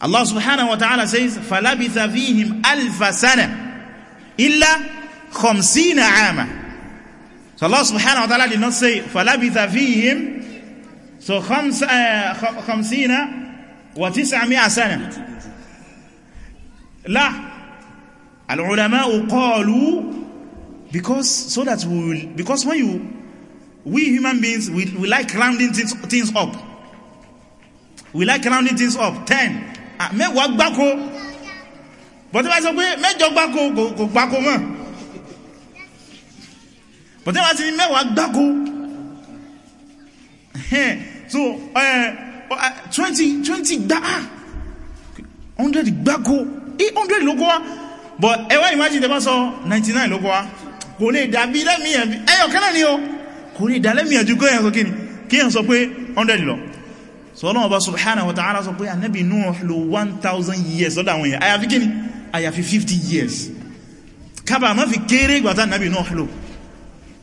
Allah subhanahu wa ta'ala says, فَلَبِثَ فِيهِمْ أَلْفَ سَنَةً إِلَّا خَمْسِينَ عَامًا So Allah subhanahu wa ta'ala did not say, فَلَبِثَ فِيهِمْ So خمس, uh, خمسين وتسعمائة سنة لا العلماء قالوا because so that we will, because when you we human beings we, we like rounding things, things up we like rounding things up 10 mẹ́wàá gbáko bọ̀tí bá sọ pé mẹ́jọ gbáko kò gbáko mọ́ bọ̀tí bá ti ní mẹ́wàá gbáko so twenty twenty gbá ah, hundred gbáko eight hundred ló kọ́ wa but ẹ wá imagine tẹ bá sọ ninety nine ló kọ́ wa kò lè dàbí lẹ́mìí ẹ̀yọ̀ kẹ́lẹ́ ni o kò lè dà lẹ́mìí ẹ̀jú kọ́ yẹn sọ kí ni kí yẹn sọ pé hundred lọ so Ọba subhanahu wa ta'ala sọ pé Ànábì Nuh lò 1000 years lọ́dọ̀ àwọn èèyàn àyàfi kíni àyàfi 50 years kábà má fi kéré ìgbàtà Ànábì Nuh lò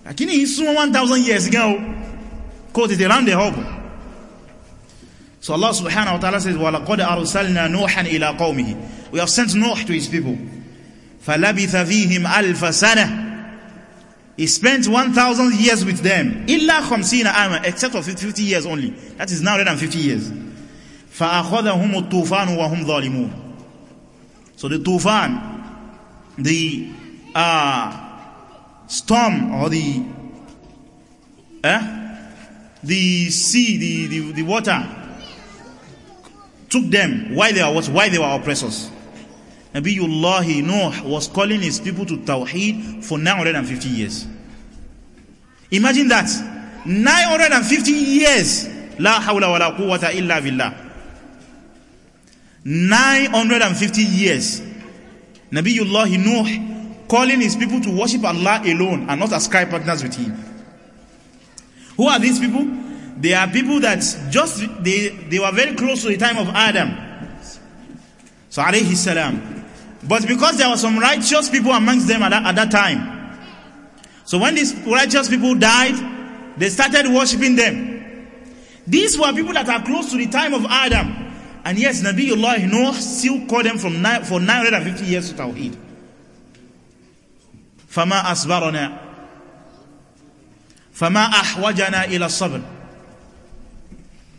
àkíní yìí súnmọ́ 1000 years gan o kó tètè round the hub so Allah subhanahu wa ta'ala says wa laqad arsalna Nuhan ila we have sent Nuh to his people falabitha fihim alfa sanah He spent 1,000 years with them. Illa khamsina ama, except for 50 years only. That is now 150 years. فَأَخَذَهُمُ الطُّوفَانُ وَهُمْ ظَالِمُونَ So the tufan, the uh, storm or the eh, the sea, the, the, the water took them while they were, while they were oppressors. Nabiyullahi Nuh was calling his people to Tawheed for 950 years. Imagine that. 950 years. La hawla wa la quwwata illa billah. 950 years. Nabiyullahi Nuh calling his people to worship Allah alone and not ascribe partners with him. Who are these people? They are people that just, they, they were very close to the time of Adam. So alayhi salam. But because there were some righteous people amongst them at that, at that time. So when these righteous people died, they started worshipping them. These were people that are close to the time of Adam. And yes, Nabiullah Noah still called them from for 950 years to Tawheed. فما أصبرنا فما أحوجنا إلى الصبر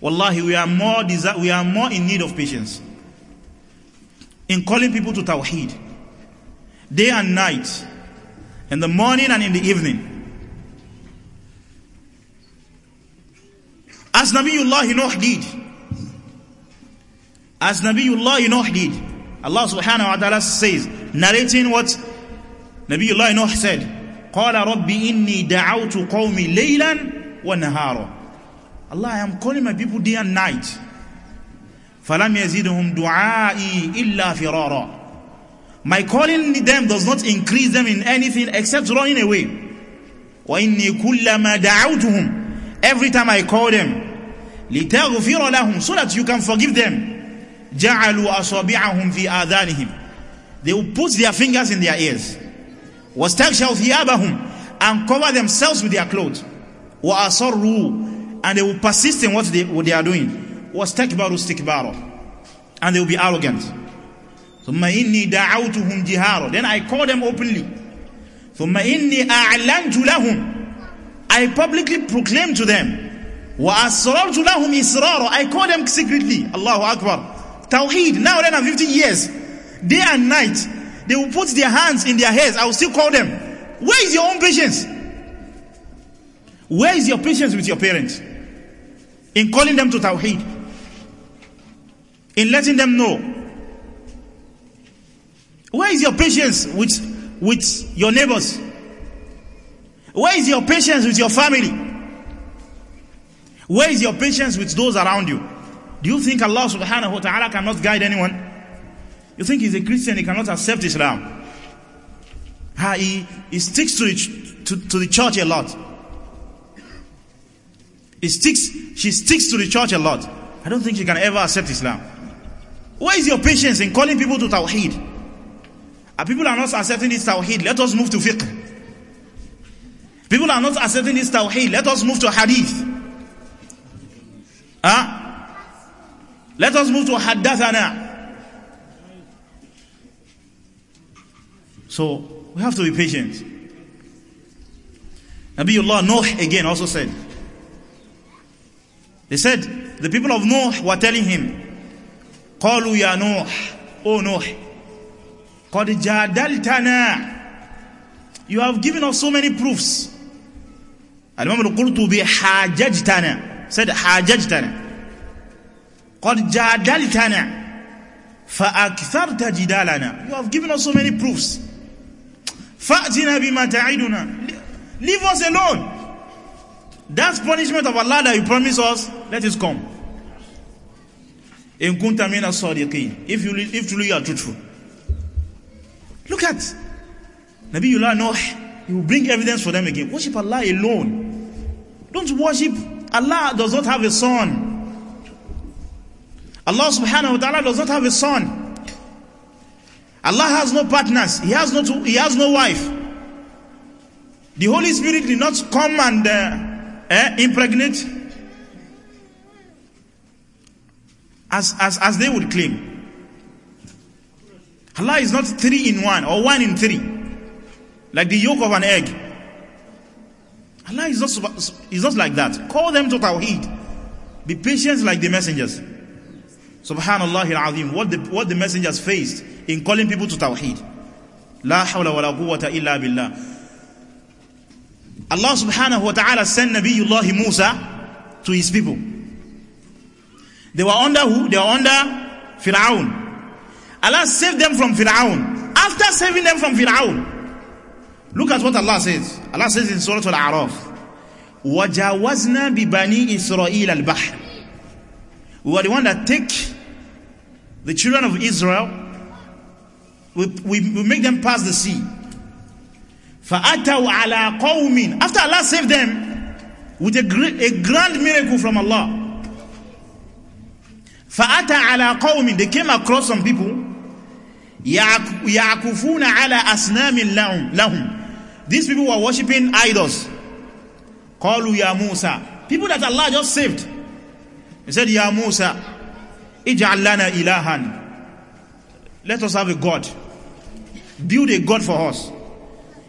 والله we are more, we are more in need of patience in calling people to Tawheed day and night, in the morning and in the evening. As Nabiullah Nuh did. As Nabiullah Nuh did. Allah subhanahu wa ta'ala says, narrating what Nabiullah Nuh said, قال رب إني دعوت قومي ليلا ونهارا Allah, I am calling my people day and night. فَلَمْ يزيدهم دُعَائِي إِلَّا فِرَارًا My calling them does not increase them in anything except running away. وَإِنِّي كُلَّمَا دَعَوْتُهُمْ Every time I call them, لِتَغْفِرَ لَهُمْ So that you can forgive them. جَعَلُوا أَصَابِعَهُمْ فِي آذَانِهِمْ They will put their fingers in their ears. وَاسْتَغْشَوْ ثِيَابَهُمْ And cover themselves with their clothes. وَأَصَرُّوا And they will persist in what they, what they are doing. واستكبروا استكبارا and they will be arrogant ثم إني دعوتهم جهارا then I call them openly ثم إني أعلنت لهم I publicly proclaim to them وأسررت لهم إسرارا I call them secretly الله أكبر Tawheed now then I'm 50 years day and night they will put their hands in their heads I will still call them where is your own patience where is your patience with your parents in calling them to Tawheed in letting them know. Where is your patience with, with your neighbors? Where is your patience with your family? Where is your patience with those around you? Do you think Allah subhanahu wa ta'ala cannot guide anyone? You think he's a Christian, he cannot accept Islam. he, he sticks to, to, to the church a lot. He sticks, she sticks to the church a lot. I don't think she can ever accept Islam. Where is your patience in calling people to Tawheed? Our people are not accepting this Tawheed. Let us move to Fiqh. People are not accepting this Tawheed. Let us move to Hadith. Huh? Let us move to Haddathana. So, we have to be patient. Nabiullah Noh again also said, they said, the people of Noh were telling him, qalu ya Nuh o Nuh qad jadaltana you have given us so many proofs al-imam bi qurtubi hajajtana said hajajtana qad jadaltana فأكثرت جدالنا you have given us so many proofs فأتنا بما Mataiduna. leave us alone that punishment of Allah that you promise us let it come In sadiqin. If you if truly you are truthful. Look at nabi Noah. He will bring evidence for them again. Worship Allah alone. Don't worship Allah does not have a son. Allah subhanahu wa ta'ala does not have a son. Allah has no partners. He has no, he has no wife. The Holy Spirit did not come and uh, eh, impregnate as, as, as they would claim. Allah is not three in one or one in three, like the yolk of an egg. Allah is not, is not like that. Call them to Tawheed. Be patient like the messengers. Subhanallah What the, what the messengers faced in calling people to Tawheed. La hawla wa la quwwata illa billah. Allah subhanahu wa ta'ala sent Nabiullah Musa to his people. They were under who? They were under Firaun. Allah saved them from Firaun. After saving them from Firaun, look at what Allah says. Allah says in Surah Al-A'raf, وَجَاوَزْنَا بِبَنِي إِسْرَائِيلَ الْبَحْرِ We were the one that take the children of Israel, we, we, we make them pass the sea. فَأَتَوْا عَلَىٰ قَوْمٍ After Allah saved them, with a, great, a grand miracle from Allah, fa'ata ala qawmin they came across some people ya'kufuna ala asnamin lahum these people were worshiping idols qalu ya Musa people that Allah just saved he said ya Musa ij'al lana ilahan let us have a god build a god for us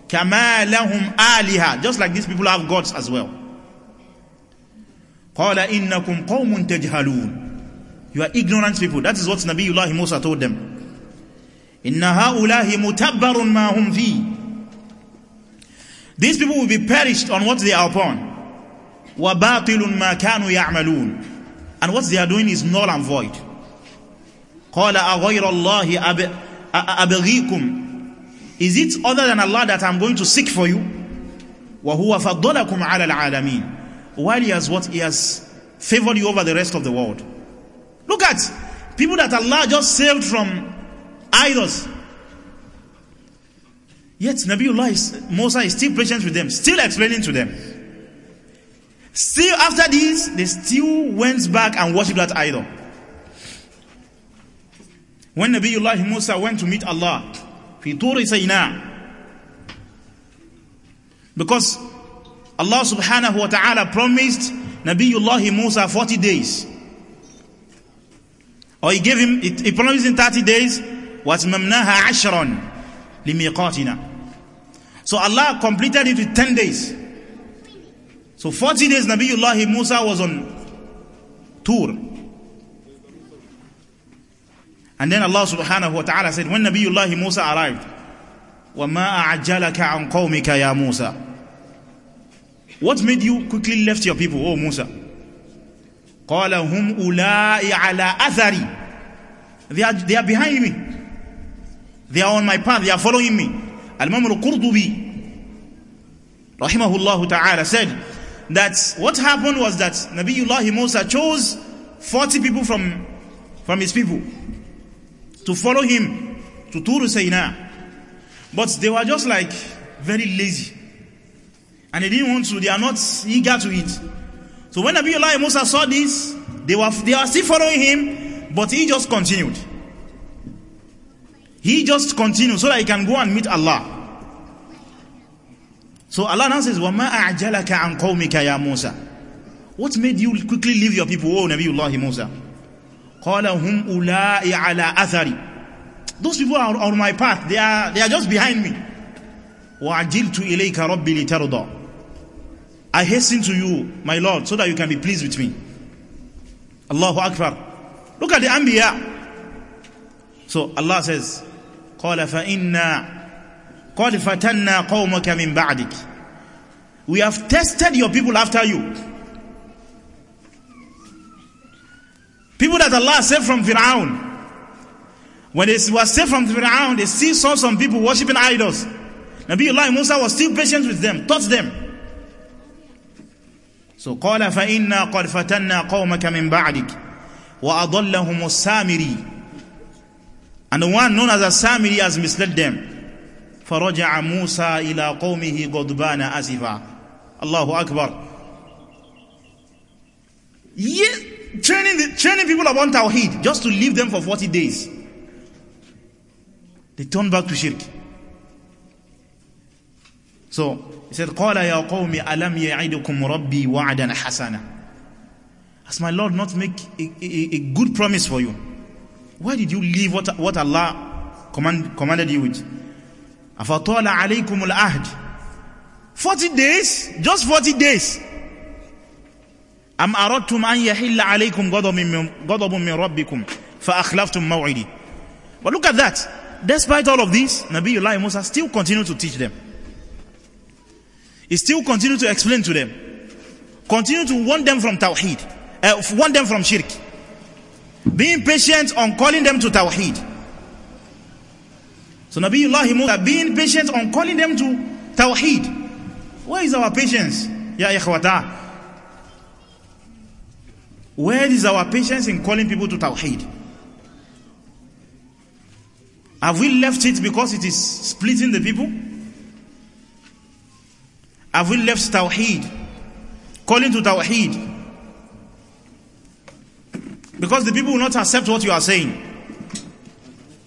kama lahum aliha just like these people have gods as well qala innakum qaumun tajhalun You are ignorant people. That is what Nabiullah Musa told them. Inna ha'ulahi mutabbarun ma hum fi. These people will be perished on what they are upon. And what they are doing is null and void. قَالَ أَغَيْرَ اللَّهِ أَبْغِيكُمْ Is it other than Allah that I'm going to seek for you? وَهُوَ فَضَّلَكُمْ عَلَى الْعَالَمِينَ While he has what? He has favored you over the rest of the world. Look at people that Allah just saved from idols. Yet Nabiullah is, Musa is still patient with them, still explaining to them. Still after this, they still went back and worshipped that idol. When Nabiullah Musa went to meet Allah, because Allah subhanahu wa ta'ala promised Nabiullah Musa 40 days. Or he gave him, he, promised in 30 days, وَاتْمَمْنَاهَا عَشْرًا لِمِيقَاتِنَا So Allah completed it with 10 days. So 40 days Nabiullah Musa was on tour. And then Allah subhanahu wa ta'ala said, when Nabiullah Musa arrived, وَمَا أَعْجَلَكَ عَنْ قَوْمِكَ يَا مُوسَى What made you quickly left your people, oh Musa? qala hum ulai ala athari they are, they are behind me they are on my path they are following me al-imam al-qurtubi rahimahullah ta'ala said that what happened was that Nabiullah Musa chose 40 people from, from his people to follow him to Turu Saina. But they were just like very lazy. And they didn't want to, they are not eager to eat. So when Nabiullah Musa saw this, they were, they are still following him, but he just continued. He just continued so that he can go and meet Allah. So Allah now says, وَمَا أَعْجَلَكَ عَنْ قَوْمِكَ يَا مُوسَى What made you quickly leave your people, O oh, Nabiullah Musa? قَالَ هُمْ أُولَاءِ عَلَى أَثَرِ Those people are on my path. They are, they are just behind me. وَعَجِلْتُ إِلَيْكَ رَبِّي لِتَرْضَى I hasten to you, my Lord, so that you can be pleased with me. Allahu Akbar. Look at the Anbiya. So Allah says, قال فإنا قال فتنا قومك من بعدك We have tested your people after you. People that Allah saved from Fir'aun. When they were saved from Fir'aun, they still saw some people worshipping idols. Nabi Allah Musa was still patient with them, taught them. So قال فإنا قد فتنا قومك من بعدك وأضلهم السامري And the one known as a Samiri has misled them. فرجع موسى إلى قومه غضبان أسفا الله أكبر yeah, training, the, training people upon Tawheed just to leave them for 40 days they turn back to shirk So he said, "Qala ya قَوْمِ alam يَعِدُكُمْ Rabbi وَعْدًا hasana." Has my Lord not make a, a, a, good promise for you? Why did you leave what, what Allah command, commanded you with? أَفَطَالَ عَلَيْكُمُ ahd. 40 days? Just 40 days. أَمْ أَرَدْتُمْ أَنْ يَحِلَّ عَلَيْكُمْ غَضَبٌ مِّن رَبِّكُمْ فَأَخْلَفْتُمْ مَوْعِدِي But look at that. Despite all of this, Nabiullah Musa still continued to teach them. He still continued to explain to them. Continue to warn them from Tawheed. Uh, warn them from Shirk. Being patient on calling them to Tawheed. So Nabiullah Musa, being patient on calling them to Tawheed. Where is our patience? Ya ikhwata. Where is our patience in calling people to Tawheed? Have we left it because it is splitting the people? Have we left Tawheed? Calling to Tawheed? Because the people will not accept what you are saying.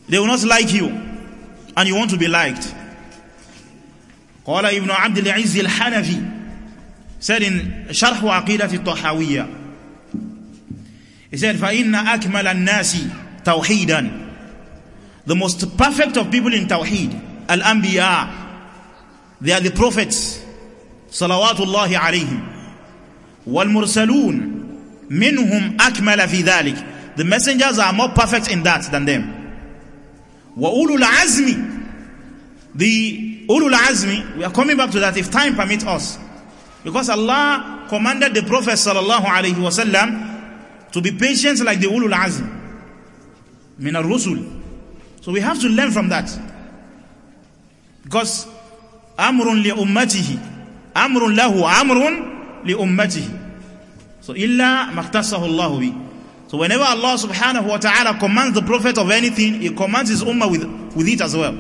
They will not like you. And you want to be liked. قال ابن عبد al-Hanafi said in شرح al الطحاوية he said فإن أكمل الناس توحيدا the most perfect of people in Tawheed al-Anbiya they are the prophets صلوات الله عليهم والمرسلون منهم أكمل في ذلك the messengers are more perfect in that than them وأولو العزم the أولو العزم we are coming back to that if time permits us because Allah commanded the Prophet صلى الله عليه وسلم to be patient like the أولو العزم من al so we have to learn from that because أمر لأمته أمر له أمر لأمته ummatihi so illa maktasahu Allah bi so whenever Allah subhanahu wa ta'ala commands the prophet of anything he commands his ummah with, with it as well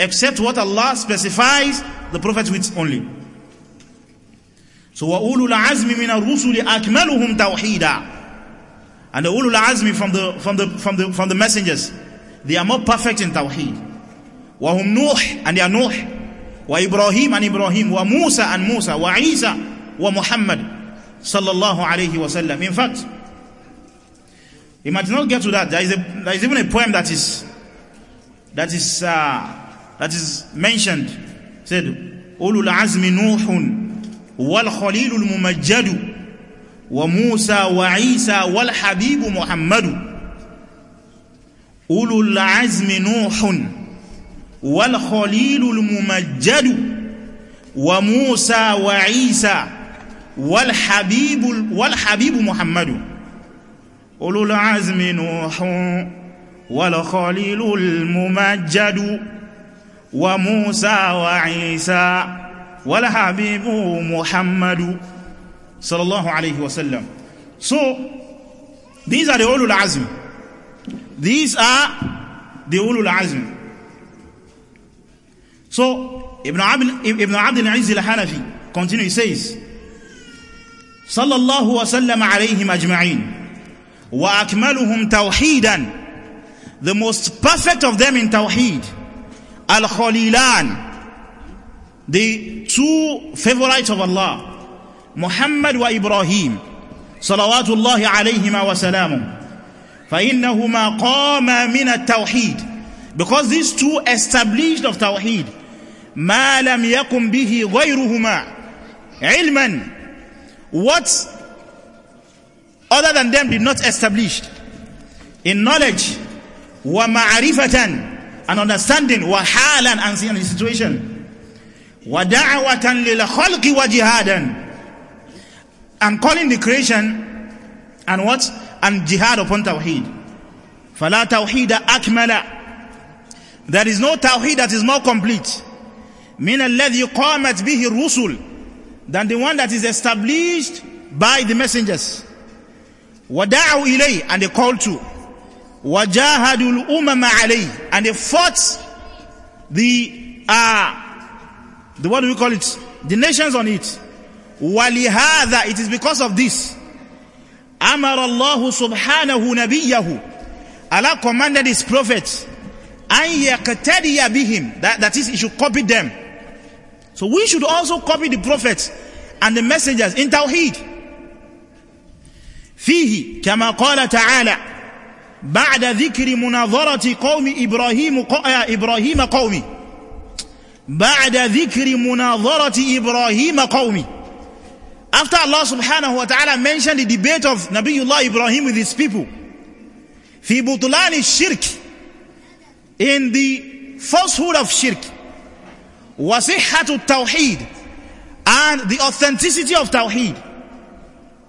except what Allah specifies the prophet with only so wa ulul azmi min ar-rusuli akmaluhum tawhida and the ulul azmi from the from the from the from the messengers they are more perfect in tawheed wa hum nuh and they are nuh وإبراهيم عن إبراهيم وموسى عن موسى وعيسى ومحمد صلى الله عليه wasallam in fact it might not get to that there is, a, there is even a poem that is that is uh, that is mentioned said أولو العزم نوح والخليل الممجد وموسى وعيسى والحبيب محمد أولو العزم نوح والخليل الممجد وموسى وعيسى والحبيب والحبيب محمد أولو العزم نوح والخليل الممجد وموسى وعيسى والحبيب محمد صلى الله عليه وسلم So these are the ulul azm. These are the ulul azm. So Ibn Abd, Ibn Abd al-Aziz al-Hanafi continue, he says, Sallallahu wa sallam alayhim ajma'in wa akmaluhum tawheedan the most perfect of them in tawheed al-Khalilan the two favorites of Allah Muhammad wa Ibrahim صلوات الله عليهما وسلامه فإنهما قاما من التوحيد because these two established of tawheed ما لم يقم به غيرهما علما what other than them did not establish in knowledge ومعرفة and understanding وحالا and seeing the situation ودعوة للخلق وجهادا and calling the creation and what and jihad upon tawheed فلا توحيد أكمل there is no tawheed that is more complete min alladhi qamat bihi rusul than the one that is established by the messengers ودعوا ilay and they called to wajahadul الأمم عليه and they fought the uh the what do we call it the nations on it ولهذا it is because of this أمر الله subhanahu نبيه allah commanded his prophet أن يقتدي بهم that, that is he should copy them so we should also copy the prophets and the messengers in Tawheed. فيه كما قال تعالى بعد ذكر مناظرة قوم إبراهيم إبراهيم قومي بعد ذكر مناظرة إبراهيم قومي After Allah subhanahu wa ta'ala mentioned the debate of Nabiullah Ibrahim with his people, في بطلان الشرك in the falsehood of shirk وَصِحَّةُ التَّوْحِيدِ and the authenticity of Tawheed.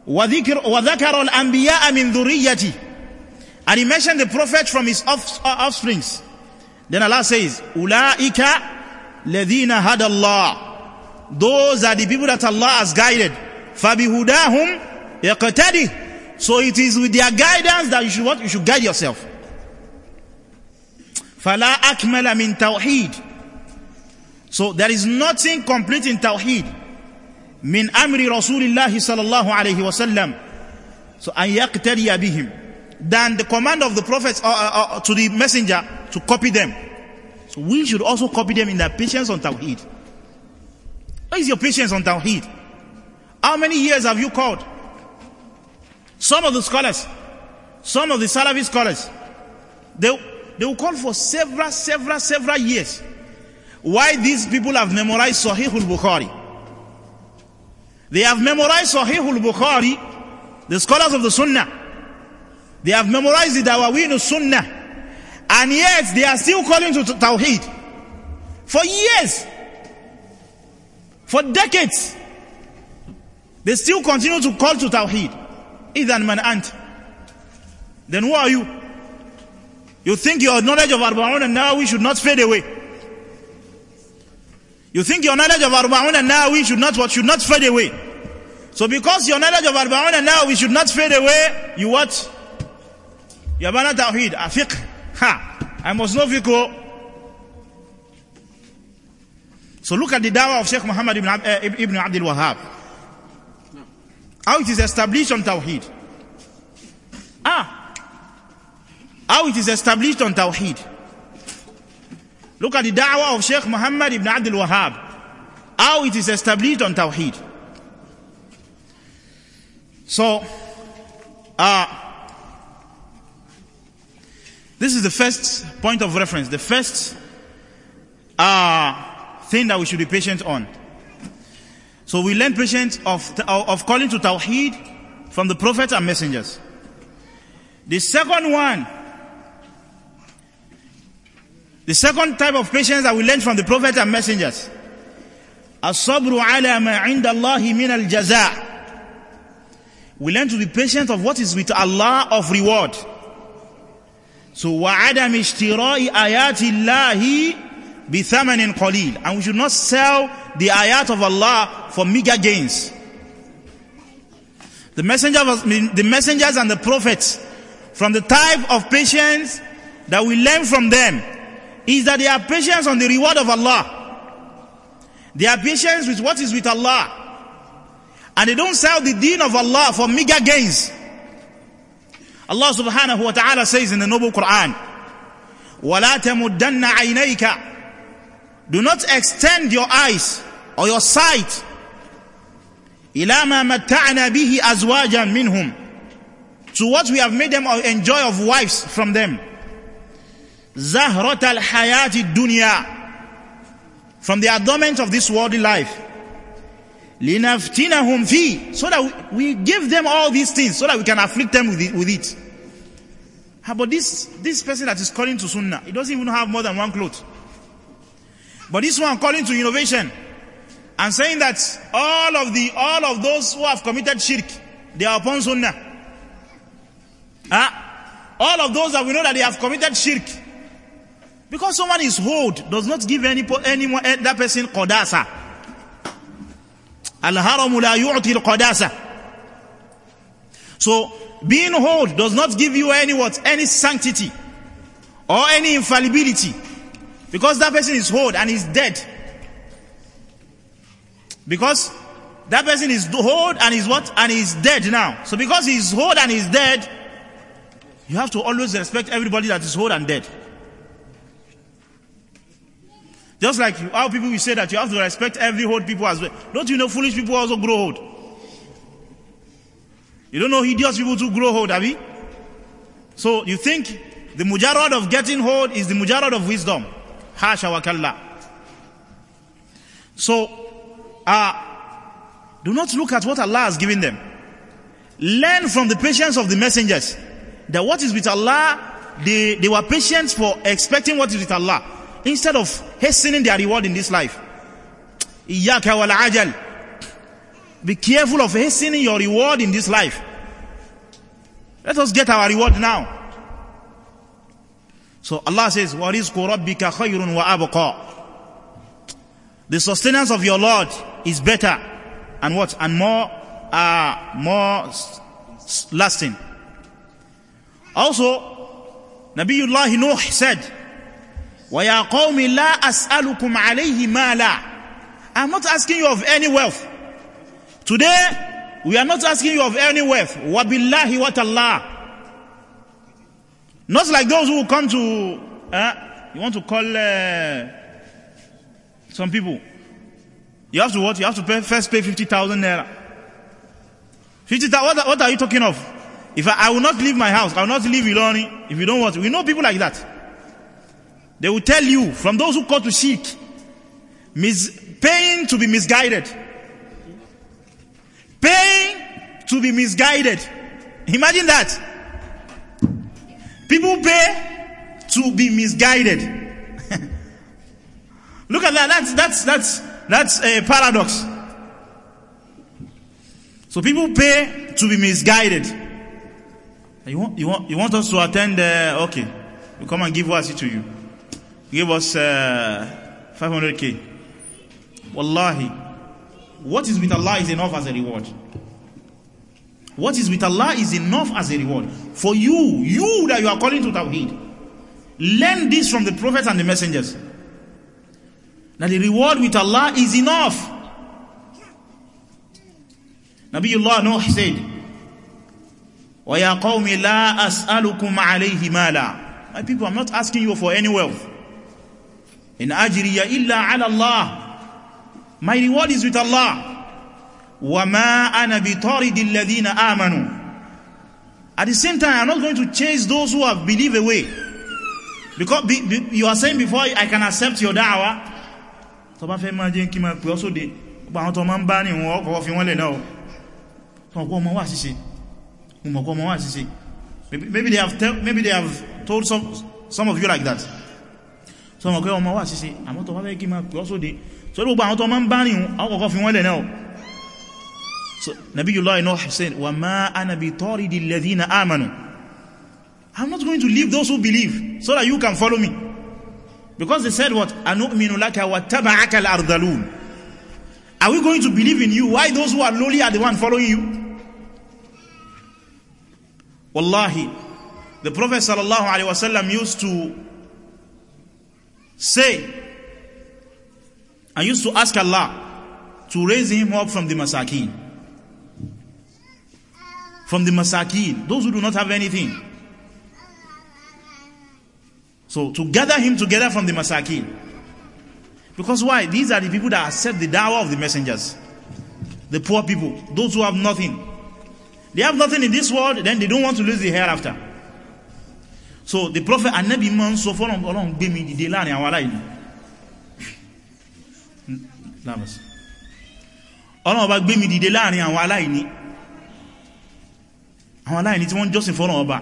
وَذَكَرَ الْأَنْبِيَاءَ مِنْ ذُرِيَّتِهِ And he mentioned the prophet from his uh, offsprings. Then Allah says, أُولَٰئِكَ الَّذِينَ هَدَى اللَّهِ Those are the people that Allah has guided. فَبِهُدَاهُمْ يَقْتَدِهِ So it is with their guidance that you should what? You should guide yourself. فَلَا أَكْمَلَ مِنْ تَوْحِيدٍ so there is nothing complete in Tawheed. min amri rasulullah sallallahu alayhi wasallam. So وسلم so أن يقتدي بهم than the command of the prophet or, uh, uh, uh, to the messenger to copy them so we should also copy them in their patience on Tawheed what is your patience on Tawheed how many years have you called some of the scholars some of the Salafi scholars they, they will call for several several several years why these people have memorized Sahih al-Bukhari. They have memorized Sahih al-Bukhari, the scholars of the Sunnah. They have memorized the Dawaween Sunnah. And yet they are still calling to Tawheed. For years, for decades, they still continue to call to Tawheed. Idhan man ant. Then who are you? You think your knowledge of Arba'un and Nawawi should not fade away. You think your knowledge of Arba'un and we should not what? Should not fade away. So because your knowledge of Arba'un and we should not fade away, you what? Yabana Tawheed, Afiq. Ha! I must know fiqh. Oh. So look at the dawah of Sheikh Muhammad ibn, uh, ibn Abdul Wahhab. How it is established on Tawheed. Ah! How it is established on Tawheed. Look at the da'wah of Sheikh Muhammad ibn Abdul Wahhab. How it is established on Tawheed. So, uh, this is the first point of reference, the first uh, thing that we should be patient on. So we learn patience of, of calling to Tawheed from the prophets and messengers. The second one, the second type of patience that we learn from the Prophet and messengers. As-sabru ala ma inda min al-jaza. We learn to be patient of what is with Allah of reward. So, وَعَدَمْ اشْتِرَاءِ آيَاتِ اللَّهِ بِثَمَنٍ قَلِيلٍ And we should not sell the ayat of Allah for meager gains. The, messenger was, the messengers and the prophets, from the type of patience that we learn from them, is that their patience on the reward of Allah. Their patience with what is with Allah. And they don't sell the deen of Allah for meager gains. Allah subhanahu wa ta'ala says in the noble Quran, وَلَا تَمُدَّنَّ عَيْنَيْكَ Do not extend your eyes or your sight إِلَى مَا مَتَّعْنَا بِهِ أَزْوَاجًا مِنْهُمْ To what we have made them enjoy of wives from them. Zahrat al hayati dunya. From the adornment of this worldly life. لِنَفْتِنَهُمْ فِي So that we, we, give them all these things so that we can afflict them with it. With it. Ah, but this, this person that is calling to sunnah, he doesn't even have more than one cloth. But this one calling to innovation and saying that all of the, all of those who have committed shirk, they are upon sunnah. Ah, all of those that we know that they have committed shirk, because someone is old does not give any anyone eh, that person qadasa. Al-haramu la yu'ti al-qadasa. So being old does not give you any what? Any sanctity or any infallibility. Because that person is old and is dead. Because that person is old and is what? And is dead now. So because he is old and is dead, you have to always respect everybody that is old and dead. Just like how people will say that you have to respect every old people as well. Don't you know foolish people also grow old? You don't know hideous people too grow old, have you? So you think the mujarrad of getting old is the mujarrad of wisdom. Hasha wa kalla. So, uh, do not look at what Allah has given them. Learn from the patience of the messengers that what is with Allah, they, they were patient for expecting what is with Allah instead of hastening their reward in this life. ajal. Be careful of hastening your reward in this life. Let us get our reward now. So Allah says, وَرِزْقُ khayrun wa وَأَبْقَى The sustenance of your Lord is better and what? And more, uh, more lasting. Also, Nabiullah Nuh said, qawmi la as'alukum لَا ma la. مَالًا I'm not asking you of any wealth. Today, we are not asking you of any wealth. wa وَتَاللَّهِ Not like those who come to, uh, you want to call uh, some people. You have to what? You have to pay, first pay 50,000 naira. 50,000, what, what are you talking of? If I, I will not leave my house, I will not leave Ilani if you don't want We know people like that. They will tell you from those who call to seek, mis- paying to be misguided. Paying to be misguided. Imagine that. People pay to be misguided. [laughs] Look at that. That's, that's, that's, that's a paradox. So people pay to be misguided. You want, you want, you want us to attend, uh, okay. We come and give wasi to you give us uh, 500k. Wallahi, what is with Allah is enough as a reward. What is with Allah is enough as a reward. For you, you that you are calling to Tawheed. Learn this from the prophets and the messengers. Now the reward with Allah is enough. Nabiullah he said, وَيَا قَوْمِ My people, I'm not asking you for any wealth. in ajriya illa ala Allah my reward is with Allah wa ma ana bitaridil ladhina amanu at the same time I'm not going to chase those who have believed away because be, be, you are saying before I can accept your da'wah tó bá fẹ́ máa jẹ́ kí máa pè ọ́ sóde gbogbo àwọn tó máa ń bá ní wọn ọkọ̀ fi wọ́n lẹ̀ náà fún ọkọ̀ ọmọ wà ṣíṣe ọmọ ọkọ̀ ọmọ wà maybe they have tell, maybe they have told some, some of you like that so mọ̀ pé ọmọ wà síse àmọ́ tó wá fẹ́ kí máa pè ọ́ sóde so gbogbo àwọn tó máa ń bá rìn àwọn kọ̀kọ́ fi wọ́n lẹ̀ náà so Nabiyullah Nuh Hussein wa ma ana bi taridi alladhina amanu I'm not going to leave those who believe so that you can follow me because they said what anu'minu laka wattaba'aka al-ardhalun are we going to believe in you why those who are lowly are the one following you wallahi the prophet sallallahu alaihi wasallam used to Say, I used to ask Allah to raise him up from the masakin. From the masakin, those who do not have anything. So to gather him together from the masakin. Because why? These are the people that accept the dawah of the messengers. The poor people, those who have nothing. They have nothing in this world, then they don't want to lose the hereafter. so the prophet anabi ma ń so fọ́nà ọlọ́run gbé mi dìde láàrin àwọn aláìní ọlọ́run ọba gbé mi dìde láàrin àwọn aláìní àwọn aláìní tí wọ́n jọ́sìn fọ́nà ọba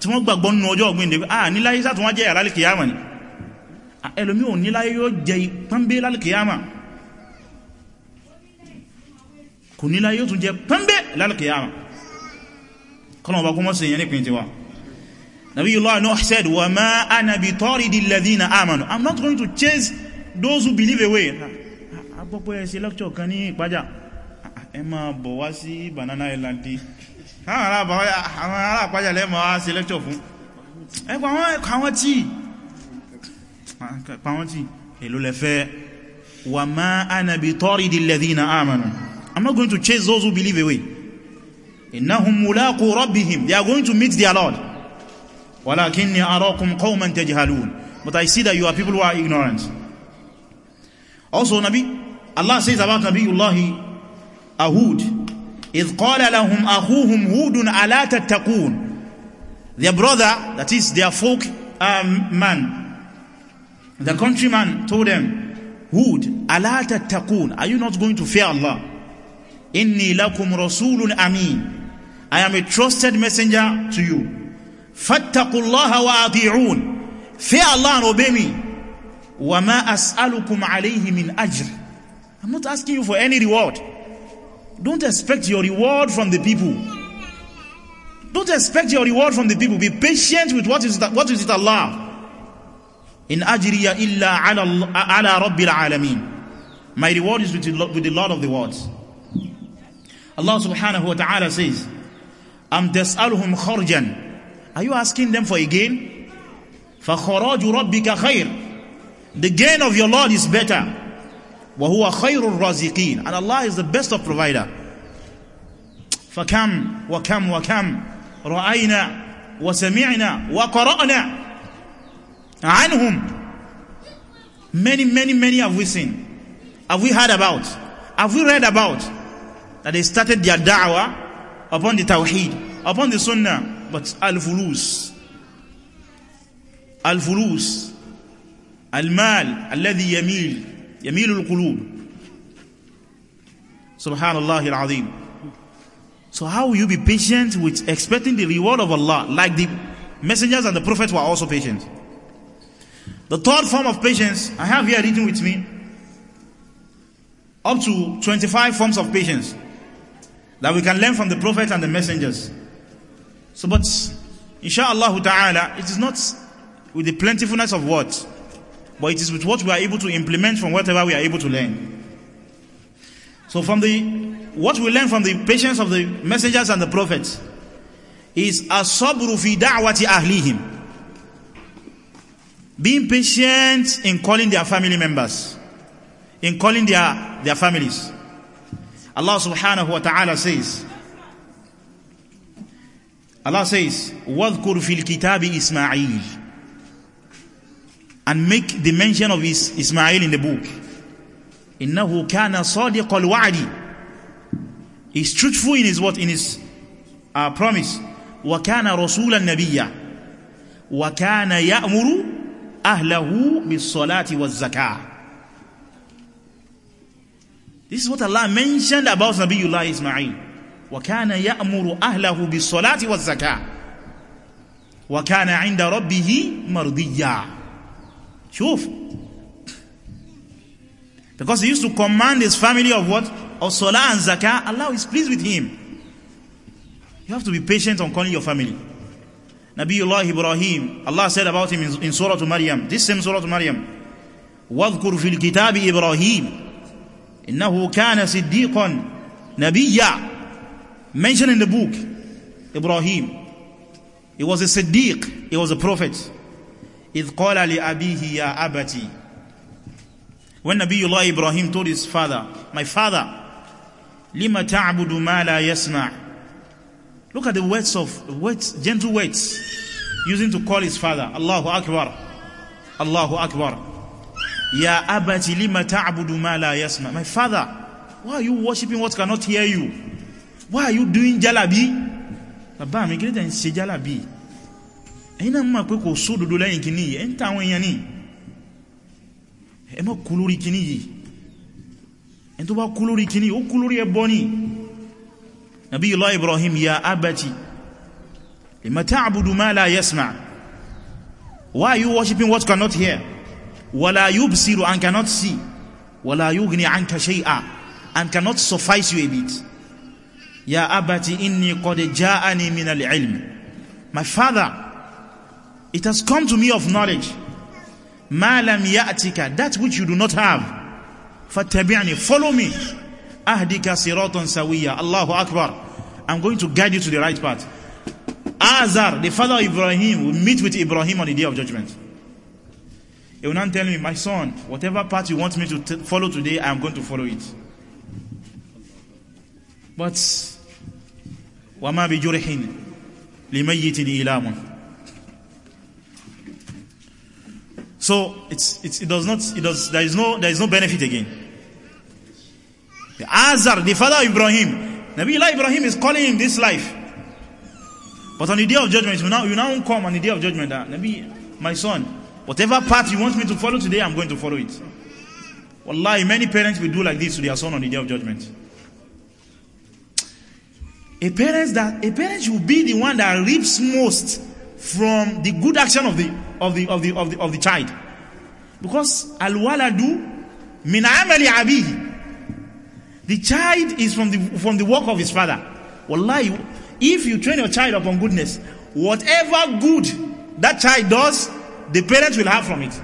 tí wọ́n gbàgbọ́ nínú ọjọ́ ọ̀gbìn dẹ̀ ah níláyé sáà tí wọ́n jẹ́ yàrá lè kìyàmà ni ah, ẹlòmí ò níláyé yóò jẹ pánbé lálẹ́ kìyàmà kò níláyé yóò tún jẹ pánbé lálẹ́ kìyàmà kọ́nà ọba kó mọ́ sí ìyẹn nípìn tiwa Nabiullah Nuh said, وَمَا أَنَا بِطَارِدِ الَّذِينَ آمَنُوا I'm not going to chase those who believe away. Agbọ́gbọ́ ah, ah, ẹ ṣe lecture kan ní ìpájá. Ah, ẹ máa bọ̀ wá sí Banana Island. Àwọn ará àpájá lẹ́ máa ṣe lecture fún. Ẹ pàwọn tí. Pàwọn tí. Èlò lẹ fẹ́. وَمَا أَنَا بِطَارِدِ الَّذِينَ آمَنُوا I'm not going to chase those who believe away. إِنَّهُمْ مُلَاقُوا رَبِّهِمْ They are going to meet their Lord. walakinni arakum tajhalun but i see that you are people who are ignorant also nabi allah says about nabiyullah ahud إذ قال لهم أخوهم Hudun ألا تتقون their brother that is their folk um, man the countryman told them Hud ألا تتقون are you not going to fear Allah Inni lakum Rasulun Amin. I am a trusted messenger to you فاتقوا الله واطيعون fear Allah and obey me وما أسألكم عليه من أجر I'm not asking you for any reward don't expect your reward from the people don't expect your reward from the people be patient with what is, what is it Allah in ajriya illa ala, rabbil alameen. my reward is with the, with the Lord of the worlds Allah subhanahu wa ta'ala says am tas'aluhum kharjan Are you asking them for a gain? فَخَرَاجُ رَبِّكَ خَيْرٌ The gain of your Lord is better. وَهُوَ خَيْرُ الرزقين. And Allah is the best of provider. فَكَمْ وَكَمْ وَكَمْ رَأَيْنَا وَسَمِعْنَا وَقَرَأْنَا عَنْهُمْ Many, many, many have we seen. Have we heard about? Have we read about? That they started their da'wah upon the tawheed, upon the sunnah, but al-fulus al-fulus al-mal alladhi yamil yamil al-qulub al-azim so how will you be patient with expecting the reward of Allah like the messengers and the prophets were also patient the third form of patience I have here written with me up to 25 forms of patience that we can learn from the prophets and the messengers so, but inshallah ta'ala, it is not with the plentifulness of what, but it is with what we are able to implement from whatever we are able to learn. So, from the what we learn from the patience of the messengers and the prophets is asabru fi da'wati ahlihim. Being patient in calling their family members, in calling their, their families. Allah subhanahu wa ta'ala says, Allah says, وَذْكُرْ فِي الْكِتَابِ إِسْمَعِيلِ And make the mention of Is Ismail in the book. إِنَّهُ كَانَ صَادِقَ الْوَعْدِ He's truthful in his what? In his uh, promise. وَكَانَ رَسُولًا نَبِيًّا وَكَانَ يَأْمُرُ أَهْلَهُ بِالصَّلَاةِ وَالزَّكَاةِ This is what Allah mentioned about Nabiullah Ismail. وكان يأمر أهله بالصلاة والزكاة وكان عند ربه مرضيا شوف because he used to command his family of what of صلاة and زكاة Allah is pleased with him you have to be patient on calling your family الله Ibrahim Allah said about him in, سورة Surah Maryam this same Surah Maryam واذكر في الكتاب إبراهيم إنه كان صديقا نبيا mentioned in the book, Ibrahim. He was a Siddiq, he was a prophet. إذ قال لأبيه يا أبتي When Nabiullah Ibrahim told his father, My father, لِمَ تَعْبُدُ مَا لَا يَسْمَعُ Look at the words of, words, gentle words, using to call his father, Allahu Akbar, Allahu Akbar. يَا أَبَتِ لِمَ تَعْبُدُ مَا لَا يَسْمَعُ My father, why are you worshipping what cannot hear you? why are you doing jalabi bàbá mi kí ní tẹ̀ ń ṣe jalabi ẹ̀yin náà mọ̀ pé kò sódodo lẹ́yìn kìíní yìí ẹ̀ ń ta àwọn èèyàn ní ẹ má kú lórí kìíní yìí ẹni tó bá kú lórí kìíní ó kú lórí ẹbọ ní Nabiyullah Ibrahim ya abati lima ta'budu ma la why are you worshiping what cannot hear wala yubsiru and cannot see wala yughni anka shay'a and cannot suffice you a bit ya abati inni qad min al my father it has come to me of knowledge ma lam ya'tika that which you do not have fattabi'ni follow me ahdika siratan sawiya Allahu akbar I'm going to guide you to the right path Azar the father of Ibrahim will meet with Ibrahim on the day of judgment he will not tell me my son whatever path you want me to follow today I am going to follow it but wa ma bi jurhin limayyitin ilamun so it's, it's, it does not it does there is no there is no benefit again the Azar the father of Ibrahim Nabi Allah Ibrahim is calling him this life but on the day of judgment you now you now come on the day of judgment that Nabi my son whatever path you want me to follow today I'm going to follow it Wallahi many parents will do like this to their son on the day of judgment A parent that a parent should be the one that reaps most from the good action of the of the of the of the, of the child. Because al waladu min amali The child is from the from the work of his father. Wallahi, if you train your child upon goodness, whatever good that child does, the parents will have from it.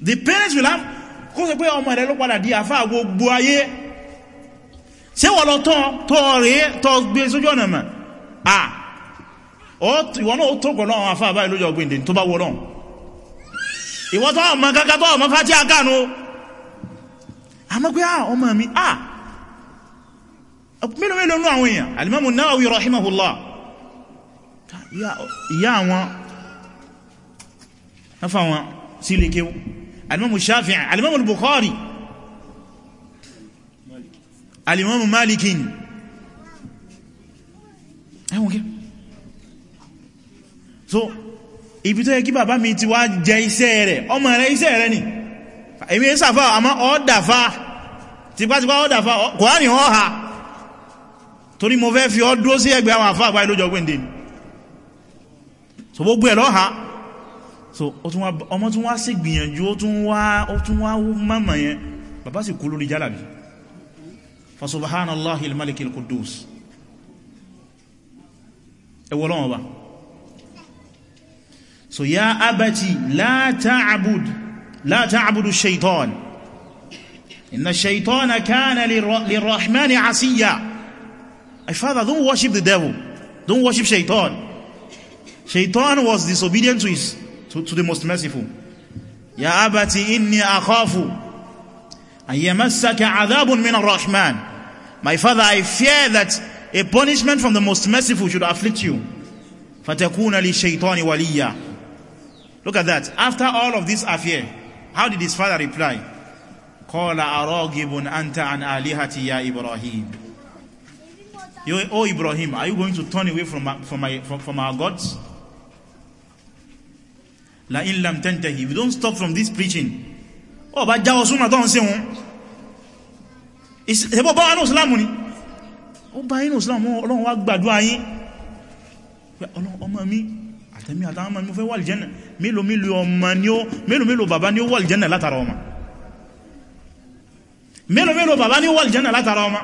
The parents will have. because o sọ pé ọmọ rẹ ló padà di àfa ṣé wọ́n lọ tọ́ rẹ̀ tọ́ gbé e sójú ọ̀nà mà à ìwọ náà ó tókọ̀ lọ́wọ́ afá àbáyé lójú ọgbìn dè tó bá wọ́ lọ́wọ́ ìwọ tọ́ ọmọ kankan tọ́ ọmọ fátí àkànú àmọ́ pé à ọmọ mi à mélòó mélòó nú àwọn èèyàn alimamu Nawawi rahimahullah ìyá àwọn afa wọn sílé kéwú alimamu Shafi'i alimamu Bukhari alimamu maliki ni ẹwọ́n kí so ibi tó yẹ kí bàbá mi ti wá jẹ iṣẹ́ rẹ̀ ọmọ rẹ̀ iṣẹ́ rẹ̀ ni èmi ń sàfà àmọ́ ọ́dàfà tipátipá ọ́dàfà kòránì ọ́ha torí mo fẹ́ fi ọ́ dúró sí ẹgbẹ́ àwọn àfà àgbáyé lójọ gbẹ̀ndẹ̀ ni so gbogbo ẹ̀ lọ́ha so ọmọ tún wá sí gbìyànjú ó tún wá mọ́mọ̀ yẹn bàbá sì kú lórí jálàbí فسبحان الله الملك القدوس اولوا سو يا ابتي لا تعبد لا تعبد الشيطان ان الشيطان كان للرحمن عصيا اي فاذا دون ورشيب ذا ديفل دون ورشيب شيطان شيطان واز ديسوبيدينت تو تو ذا موست ميرسيفول يا ابتي اني اخافو Ayamassaka adabun min ar-Rahman. My father, I fear that a punishment from the most merciful should afflict you. Fatakuna li shaytani waliya. Look at that. After all of this affair, how did his father reply? Qala aragibun anta an alihati ya Ibrahim. You, oh Ibrahim, are you going to turn away from, from, my, from, from our gods? La in lam If you don't stop from this preaching, ọ bá jáwọ́ súnmà tó ń ṣe wọn ìsẹ̀bọ̀ bá wà ní ìsìlámù ni ó bá inú ìsìlámù ọlọ́run wá gbàdúrà yín ọmọ mi àtẹ̀mí àtàwọn ọmọ mi fẹ́ wà lìjẹ́nà mélòó mélòó ọmọ ni ó mélòó mélòó bàbá ni ó wà lìjẹ́nà látara ọmọ mélòó mélòó bàbá ni ó wà lìjẹ́nà látara ọmọ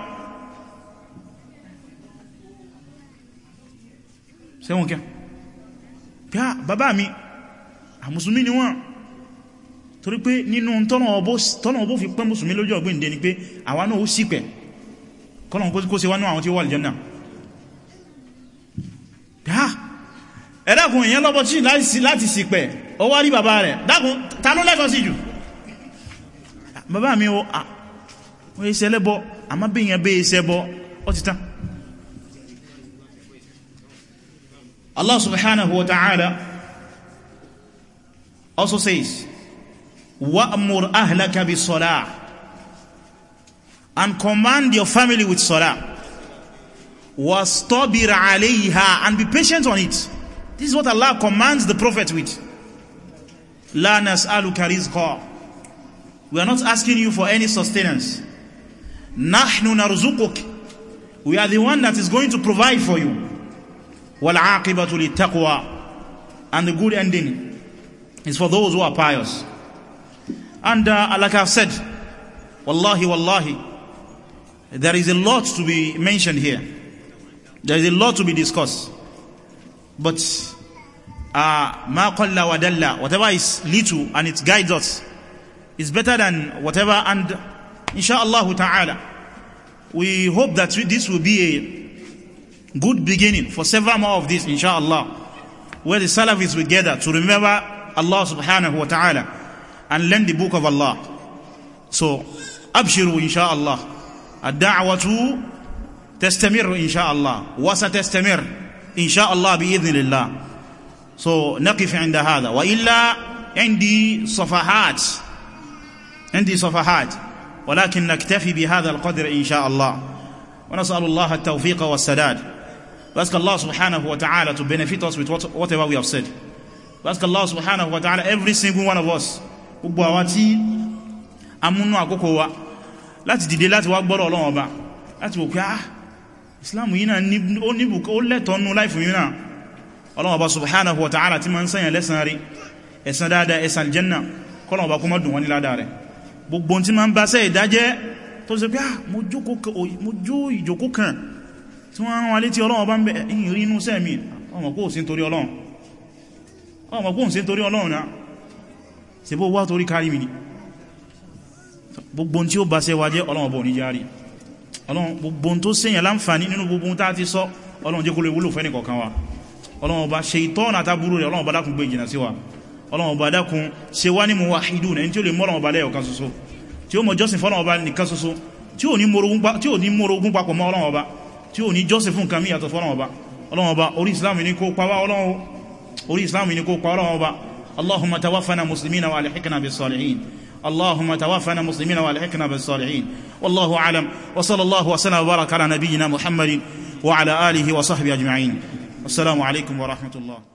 sẹ́wọ̀n kẹ́ ah, bàbá mi àmùsùnmí ni wọ́n torí pé nínú tọ́nà ọbó fi pẹ́ mùsùlùmí lójú ọ̀gbìn dé ni pé àwa náà ó sì pẹ̀ kọ́nà kó ṣe wá ní àwọn tí ó wà lìjẹ́nà ẹ̀dàkùn èèyàn lọ́bọ̀ tí láti sì pẹ̀ ó wá rí bàbá rẹ̀ dákùn ta ló lẹ́tọ̀ọ́ sí jù bàbá mi ó ṣe lẹ́bọ̀ àmá bí èèyàn bẹ́ ṣe bọ́ ó ti tán Allah subhanahu wa ta'ala also says wa'mur ahlaka salah and command your family with salah wastabir alayha and be patient on it this is what Allah commands the prophet with Lanas nas'aluka rizqa we are not asking you for any sustenance nahnu narzuquk we are the one that is going to provide for you wal aqibatu and the good ending is for those who are pious and uh, like I've said, wallahi, wallahi, there is a lot to be mentioned here. There is a lot to be discussed. But uh, ma qalla wa whatever is little and it guides us, is better than whatever. And inshallah ta'ala, we hope that this will be a good beginning for several more of this, inshallah, where the Salafis will gather to remember Allah subhanahu wa ta'ala. and learn the book of Allah. So, abshiru insha'Allah. Ad-da'watu tastamiru insha'Allah. Wasa testamir insha'Allah bi'idhnillah. So, naqif inda hadha. Wa illa indi safahat. Indi safahat. Walakin ولكن نكتفي بهذا القدر إن شاء الله ونسأل الله We ask Allah subhanahu wa ta'ala to benefit us with whatever we have said We ask Allah subhanahu wa ta'ala, every single one of us gbogbo àwa tí a múnú àkókò wa láti dìde láti wá gbọ́rọ̀ Ọlọ́run Ọba láti wò pé ah Islam yìí náà ó níbùkọ́ ó lẹ́tọ̀ọ́nú láìfù yìí Ọlọ́run Ọba subhanahu wa ta'ala ti máa ń sẹ́yàn lẹ́sàn rí ẹ̀san dáadáa ẹ̀san aljanna kọ́lọ̀ Ọba kó má dùn wọ́n ní ládàá rẹ̀ gbogbo tí máa ń bá sẹ́ ìdájẹ́ tó ṣe pé ah mo ṣe bó wá torí kárí mi ni gbogbo tí ó bá ṣe wá jẹ́ ọlọ́run bọ̀ ní járí gbogbo tó ṣèyàn láǹfààní nínú gbogbo tá ti sọ ọlọ́run jẹ́ kó lè wúlò fẹ́ni wa ọlọ́run ọba ṣe ìtọ́nà àtàbúrú rẹ̀ ọlọ́run ọba dákun gbé ìjìnà sí wa ọlọ́run ọba dákun ṣe wá ní muwahidun ẹni tí ó lè mọ́ ọlọ́run ọba lẹ́yọ̀kan ṣoṣo tí ó mọ jọ́sìn fọ́lọ́run ọba nìkan ṣoṣo tí ò ní mórogún papọ̀ mọ́ ọlọ́run ọba tí ò ní jọ́sìn fún nǹkan míyàtọ̀ fọ́lọ́run ọba islam ni kó pa wá ọlọ́run orí ni kó pa ọlọ́run ọba اللهم توفنا مسلمين والحقنا بالصالحين اللهم توفنا مسلمين والحقنا بالصالحين والله اعلم وصلى الله وسلم وبارك على نبينا محمد وعلى اله وصحبه اجمعين السلام عليكم ورحمه الله